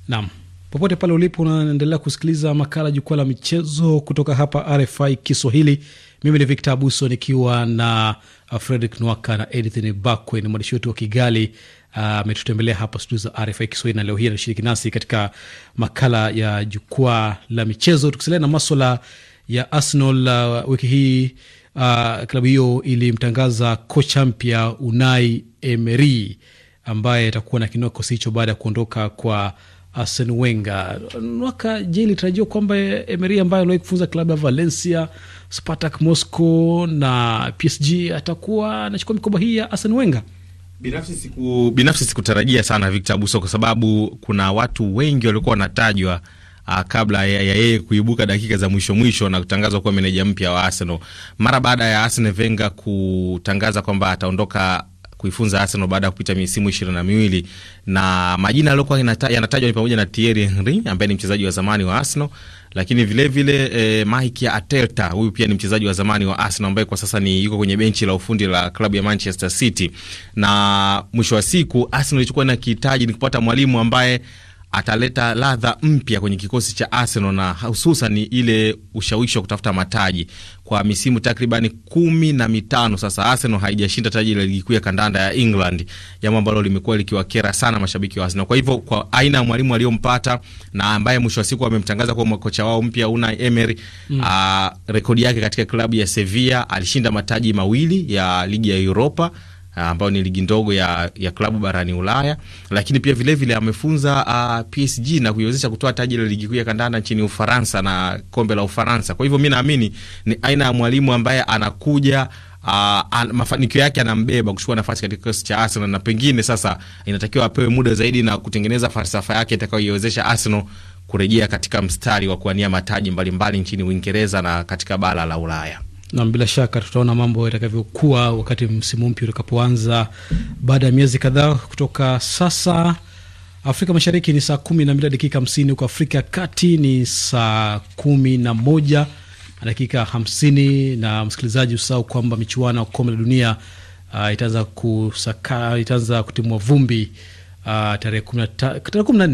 Naam popote pale ulipo, unaendelea kusikiliza makala Jukwaa la Michezo kutoka hapa RFI Kiswahili. Mimi ni Victor Abuso nikiwa na Fredrick Nwaka na Edithin Bakwe, ni mwandishi wetu wa Kigali ah, ametutembelea uh, hapa studio za RFI Kiswahili na leo hii anashiriki nasi katika makala ya Jukwaa la Michezo, tukisalia na maswala ya Arsenal. Uh, wiki hii uh, klabu hiyo ilimtangaza kocha mpya Unai Emery ambaye atakuwa na kinua kikosi hicho baada ya kuondoka kwa Arsene Wenger. Mwaka je, ilitarajiwa kwamba Emery ambaye aliwahi kufunza klabu ya Valencia, Spartak Moscow na PSG atakuwa anachukua mikoba hii ya Arsene Wenger? Binafsi siku binafsi sikutarajia sana Victor Abuso, kwa sababu kuna watu wengi waliokuwa wanatajwa ah, kabla ya yeye kuibuka dakika za mwisho mwisho na kutangazwa kuwa meneja mpya wa Arsenal. Mara baada ya Arsene Wenger kutangaza kwamba ataondoka kuifunza Arsenal baada ya kupita misimu ishirini na miwili na majina yaliokuwa yanatajwa ni pamoja na Thierry Henry ambaye ni mchezaji wa zamani wa Arsenal, lakini vilevile vile, eh, Mikel Arteta huyu pia ni mchezaji wa zamani wa Arsenal ambaye kwa sasa ni yuko kwenye benchi la ufundi la klabu ya Manchester City, na mwisho wa siku Arsenal ilichokuwa inakihitaji ni kupata mwalimu ambaye ataleta ladha mpya kwenye kikosi cha Arsenal na hususan ile ushawishi wa kutafuta mataji. Kwa misimu takriban kumi na mitano sasa, Arsenal haijashinda taji la ligi kuu ya kandanda ya England, jambo ambalo limekuwa likiwakera sana mashabiki wa Arsenal. Kwa hivyo, kwa aina ya mwalimu aliyompata na ambaye mwisho wa siku amemtangaza kuwa kocha wao mpya Unai Emery, mm. Ah, rekodi yake katika klabu ya Sevilla alishinda mataji mawili ya ligi ya Europa Ah, ambayo ni ligi ndogo ya, ya klabu barani Ulaya, lakini pia vilevile vile amefunza uh, ah, PSG na kuiwezesha kutoa taji la ligi kuu ya kandanda nchini Ufaransa na kombe la Ufaransa. Kwa hivyo mi naamini ni aina ya mwalimu ambaye anakuja Uh, mafanikio yake anambeba kuchukua nafasi katika kikosi cha Arsenal na pengine sasa inatakiwa apewe muda zaidi na kutengeneza falsafa yake itakayoiwezesha Arsenal kurejea katika mstari wa kuwania mataji mbalimbali mbali nchini Uingereza na katika bara la Ulaya. Na bila shaka tutaona mambo yatakavyokuwa wakati msimu mpya utakapoanza baada ya miezi kadhaa kutoka sasa. Afrika Mashariki ni saa kumi na mbili dakika hamsini huko Afrika ya Kati ni saa kumi na moja na dakika hamsini na msikilizaji, usahau kwamba michuano ya kombe la dunia uh, itaanza kusaka itaanza kutimua vumbi Uh, tarehe kumi na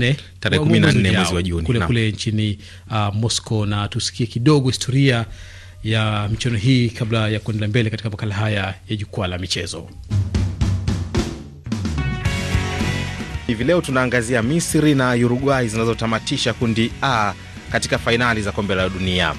nne mwezi wa Juni kule kule nchini uh, Moscow, na tusikie kidogo historia ya michuano hii kabla ya kuendelea mbele katika makala haya ya jukwaa la michezo. Hivi leo tunaangazia Misri na Uruguay zinazotamatisha kundi A katika fainali za kombe la dunia.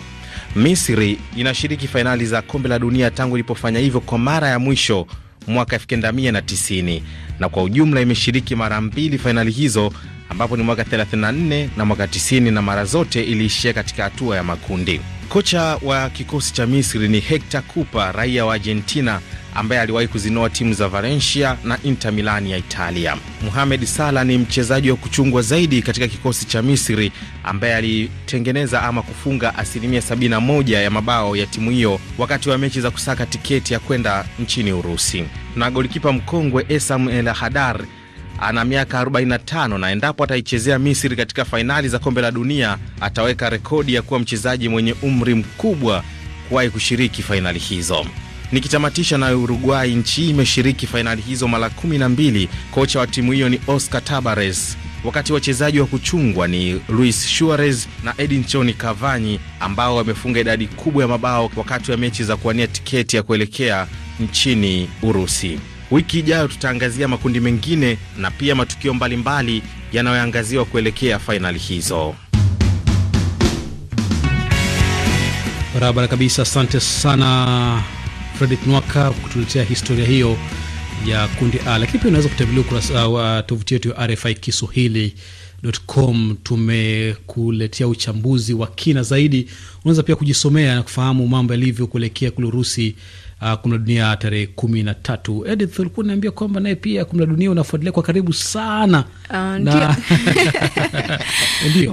Misri inashiriki fainali za kombe la dunia tangu ilipofanya hivyo kwa mara ya mwisho mwaka 1990 na kwa ujumla imeshiriki mara mbili fainali hizo, ambapo ni mwaka 34 na mwaka 90 na mara zote iliishia katika hatua ya makundi. Kocha wa kikosi cha Misri ni Hector Cuper, raia wa Argentina ambaye aliwahi kuzinoa timu za Valencia na Inter Milan ya Italia. Mohamed Salah ni mchezaji wa kuchungwa zaidi katika kikosi cha Misri ambaye alitengeneza ama kufunga asilimia 71 ya mabao ya timu hiyo wakati wa mechi za kusaka tiketi ya kwenda nchini Urusi. Na golikipa mkongwe Esam El Hadar ana miaka 45 na endapo ataichezea Misri katika fainali za kombe la dunia ataweka rekodi ya kuwa mchezaji mwenye umri mkubwa kuwahi kushiriki fainali hizo. Nikitamatisha nayo Uruguay, nchi hii imeshiriki fainali hizo mara 12. Kocha wa timu hiyo ni Oscar Tabares, wakati wachezaji wa kuchungwa ni Luis Suarez na Edinson Cavani ambao wamefunga idadi kubwa ya mabao wakati wa mechi za kuwania tiketi ya kuelekea nchini Urusi. Wiki ijayo tutaangazia makundi mengine na pia matukio mbalimbali yanayoangaziwa kuelekea fainali hizo. Barabara kabisa. Asante sana Fredrik Nwaka kutuletea historia hiyo ya kundi A, lakini pia unaweza kutembelea ukurasa uh, wa tovuti yetu ya RFI Kiswahili.com. Tumekuletea uchambuzi wa kina zaidi. Unaweza pia kujisomea na kufahamu mambo yalivyo kuelekea kule Urusi uh, kombe la dunia tarehe kumi na tatu. Edith, ulikuwa unaambia kwamba naye pia kombe la dunia unafuatilia kwa karibu sana. Ah, ndio,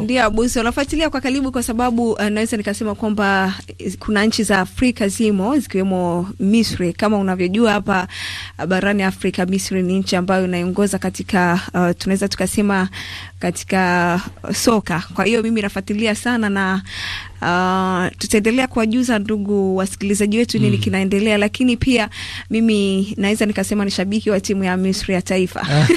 ndio Abusi, unafuatilia kwa karibu kwa sababu uh, naweza nikasema kwamba eh, kuna nchi za Afrika zimo zikiwemo Misri. Kama unavyojua hapa eh, barani Afrika, Misri ni nchi ambayo inaongoza katika uh, tunaweza tukasema katika soka. Kwa hiyo mimi nafuatilia sana na Uh, tutaendelea kuwajuza ndugu wasikilizaji wetu nini mm. kinaendelea, lakini pia mimi naweza nikasema ni shabiki wa timu ya Misri ya taifa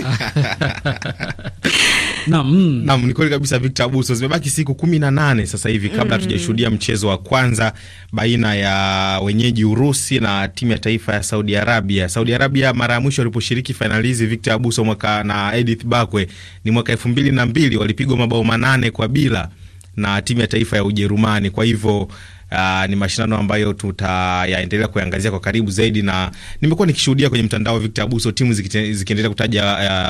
Naam, mm. naam, ni kweli kabisa Victor Abuso. Zimebaki siku kumi na nane sasa hivi kabla hatujashuhudia mm. mchezo wa kwanza baina ya wenyeji Urusi na timu ya taifa ya Saudi Arabia. Saudi Arabia mara ya mwisho waliposhiriki fainali hizi Victor Abuso, mwaka na Edith Bakwe, ni mwaka elfu mbili na mbili walipigwa mabao manane kwa bila na timu ya taifa ya Ujerumani. Kwa hivyo Uh, ni mashindano ambayo tutayaendelea kuyangazia kwa karibu zaidi, na nimekuwa nikishuhudia kwenye mtandao Victor Abuso, timu zikiendelea kutaja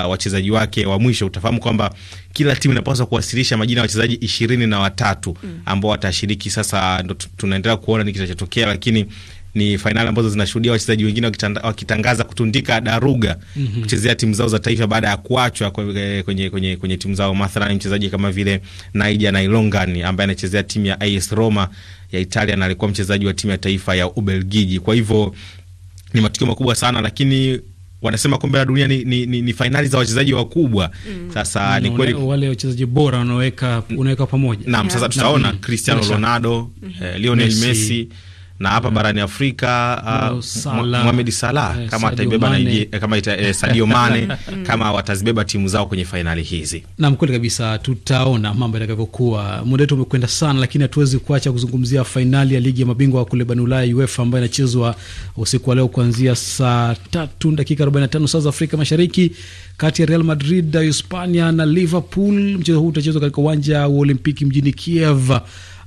uh, wachezaji wake wa mwisho. Utafahamu kwamba kila timu inapaswa kuwasilisha majina ya wachezaji ishirini na watatu mm. ambao watashiriki. Sasa ndo tunaendelea kuona ni kitachotokea, lakini ni fainali ambazo zinashuhudia wachezaji wengine wakitangaza kutundika daruga mm -hmm. kuchezea timu zao za taifa baada ya kuachwa kwenye, kwenye, kwenye, kwenye timu zao. Mathalani mchezaji kama vile Naija Nailongani ambaye anachezea timu ya AS Roma ya Italia na alikuwa mchezaji wa timu ya taifa ya Ubelgiji. Kwa hivyo ni matukio makubwa sana, lakini wanasema kombe la dunia ni, ni, ni, ni fainali za wachezaji wakubwa mm. Sasa mm, ni kweli wale wachezaji bora wanaweka unaweka mm. pamoja. Naam, sasa tutaona mm. Cristiano Ronaldo, mhm. eh, Lionel Messi, Messi na hapa mm. barani Afrika uh, Salah eh, kama ataibeba Mane. Eh, kama ita, eh, Sadio Mane mm. kama watazibeba timu zao kwenye fainali hizi. nam kweli kabisa, tutaona mambo yatakavyokuwa. Muda wetu umekwenda sana, lakini hatuwezi kuacha kuzungumzia fainali ya ligi ya mabingwa wa kule barani Ulaya UEFA ambayo inachezwa usiku wa leo kuanzia saa tatu dakika 45 saa za Afrika Mashariki kati ya Real Madrid ya Hispania na Liverpool. Mchezo huu utachezwa katika uwanja wa Olimpiki mjini Kiev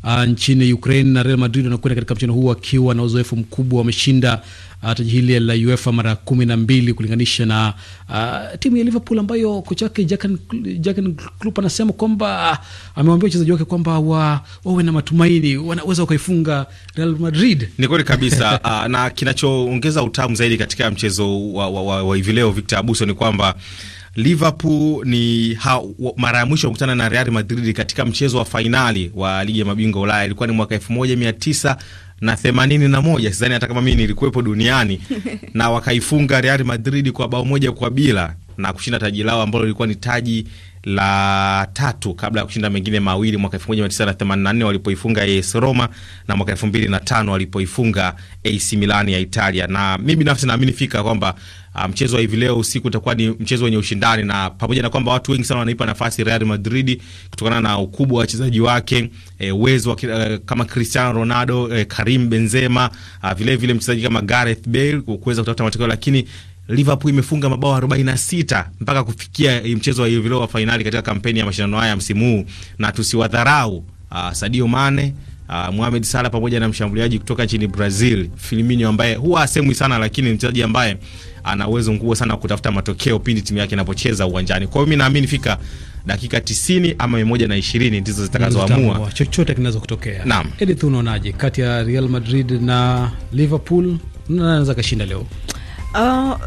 uh, nchini Ukraine na Real Madrid wanakwenda katika mchezo huu akiwa na uzoefu mkubwa. Wameshinda uh, taji hili la UEFA mara kumi na mbili kulinganisha na uh, timu ya Liverpool ambayo kocha wake Jurgen Klopp anasema kwamba uh, amewaambia wachezaji wake kwamba wa, wawe na matumaini, wanaweza wakaifunga Real Madrid. Ni kweli kabisa uh, na kinachoongeza utamu zaidi katika mchezo wa, wa, wa, wa hivi leo Victor Abuso ni kwamba Liverpool ni ha, mara ya mwisho kukutana na Real Madrid katika mchezo wa fainali wa ligi ya mabingwa Ulaya ilikuwa ni mwaka elfu moja mia tisa na themanini na moja. Sidhani hata kama mimi nilikuwepo duniani na wakaifunga Real Madrid kwa bao moja kwa bila na kushinda taji lao ambalo lilikuwa ni taji la tatu kabla ya kushinda mengine mawili mwaka 1984 walipoifunga AS Roma na mwaka 2005 walipoifunga AC Milan ya Italia. Na mimi binafsi naamini fika kwamba Ah, mchezo wa hivi leo usiku utakuwa ni mchezo wenye ushindani, na pamoja na kwamba watu wengi sana wanaipa nafasi Real Madrid kutokana na ukubwa wa wachezaji wake, eh, uwezo e, e, kama Cristiano Ronaldo, e, Karim Benzema, ah, vile vile mchezaji kama Gareth Bale kuweza kutafuta matokeo, lakini Liverpool imefunga mabao 46 mpaka kufikia mchezo wa hivi leo wa fainali katika kampeni ya mashindano haya msimu huu, na tusiwadharau ah, Sadio Mane Uh, Mohamed Salah pamoja na mshambuliaji kutoka nchini Brazil Firmino ambaye huwa asemwi sana, lakini mchezaji ambaye ana uwezo mkubwa sana kutafuta matokeo pindi timu yake inapocheza uwanjani. Kwa hiyo mimi naamini fika dakika 90 ama ishirini ndizo zitakazoamua chochote kinaweza kutokea. Naam, Edith, unaonaje kati ya Real Madrid na Liverpool, nani anaweza kashinda leo? Uh,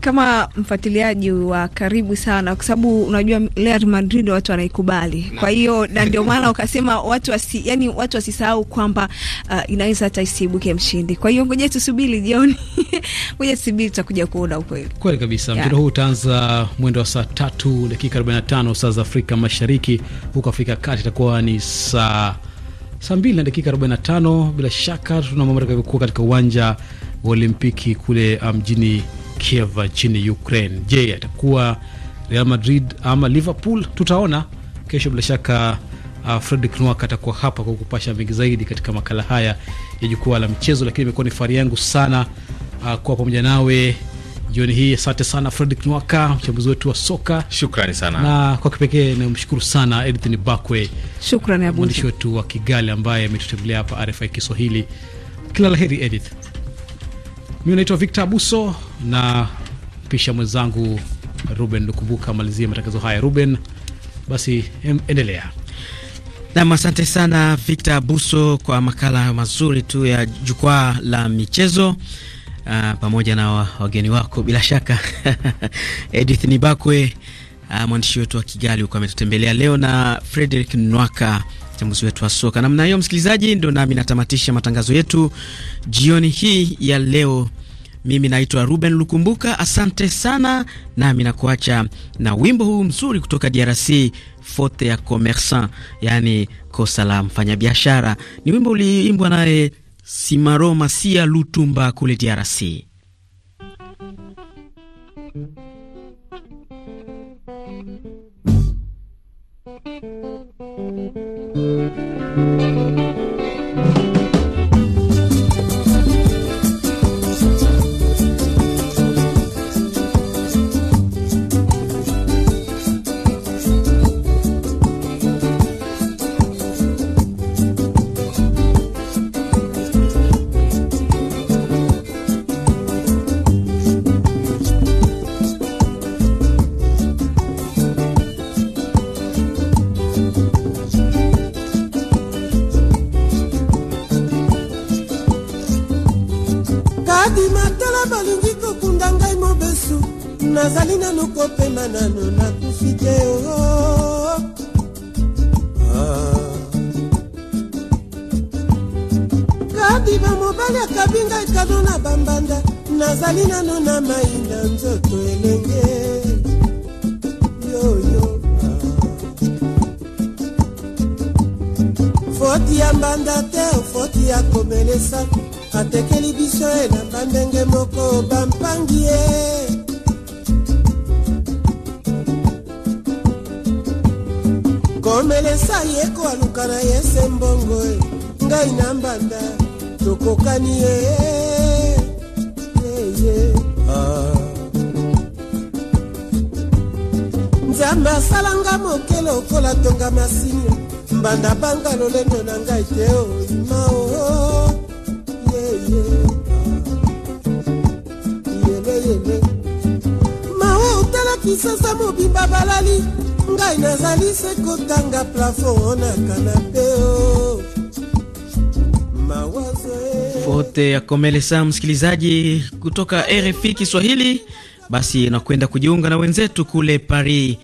kama mfuatiliaji wa karibu sana, kwa sababu unajua Real Madrid watu wanaikubali, kwa hiyo na ndio maana ukasema watu wasi, yani watu wasisahau kwamba uh, inaweza hata isiibuke mshindi. Kwa hiyo ngoja tusubiri jioni, ngoja tusubiri, tutakuja kuona ukweli kweli kabisa. Mchezo huu utaanza mwendo wa saa tatu dakika 45 saa za Afrika Mashariki, huko Afrika Kati itakuwa ni saa saa mbili na dakika 45. Bila shaka tuna mambo katika uwanja wa Olimpiki kule um, mjini um, Kiev nchini Ukraine. Je, atakuwa Real Madrid ama Liverpool? Tutaona kesho bila shaka. Uh, Fredrik Nwaka atakuwa hapa kwa kupasha mengi zaidi katika makala haya ya jukwaa la mchezo, lakini imekuwa ni fahari yangu sana uh, kuwa pamoja nawe jioni hii. Asante sana Fredrik Nwaka, mchambuzi wetu wa soka, shukrani sana, na kwa kipekee namshukuru sana Edithin Bakwe, mwandishi wetu wa Kigali ambaye ametutembelea hapa RFI Kiswahili. Kila la heri Edith. Mimi naitwa Victor Abuso na pisha mwenzangu Ruben Lukumbuka malizia matangazo haya. Ruben, basi endelea. Nam, asante sana Victor Abuso kwa makala mazuri tu ya jukwaa la michezo. Uh, pamoja na wageni wako bila shaka Edith Nibakwe, uh, mwandishi wetu wa Kigali huko ametutembelea leo na Frederick Nwaka mchambuzi wetu wa soka. Namna hiyo, msikilizaji, ndo nami natamatisha matangazo yetu jioni hii ya leo. Mimi naitwa Ruben Lukumbuka, asante sana, nami nakuacha na wimbo huu mzuri kutoka DRC, Fote ya Commerçant, yaani kosa la mfanyabiashara. Ni wimbo uliimbwa naye Simaro Masia Lutumba kule DRC. thank you Komele Saa, msikilizaji kutoka RFI Kiswahili, basi nakwenda kujiunga na wenzetu kule Paris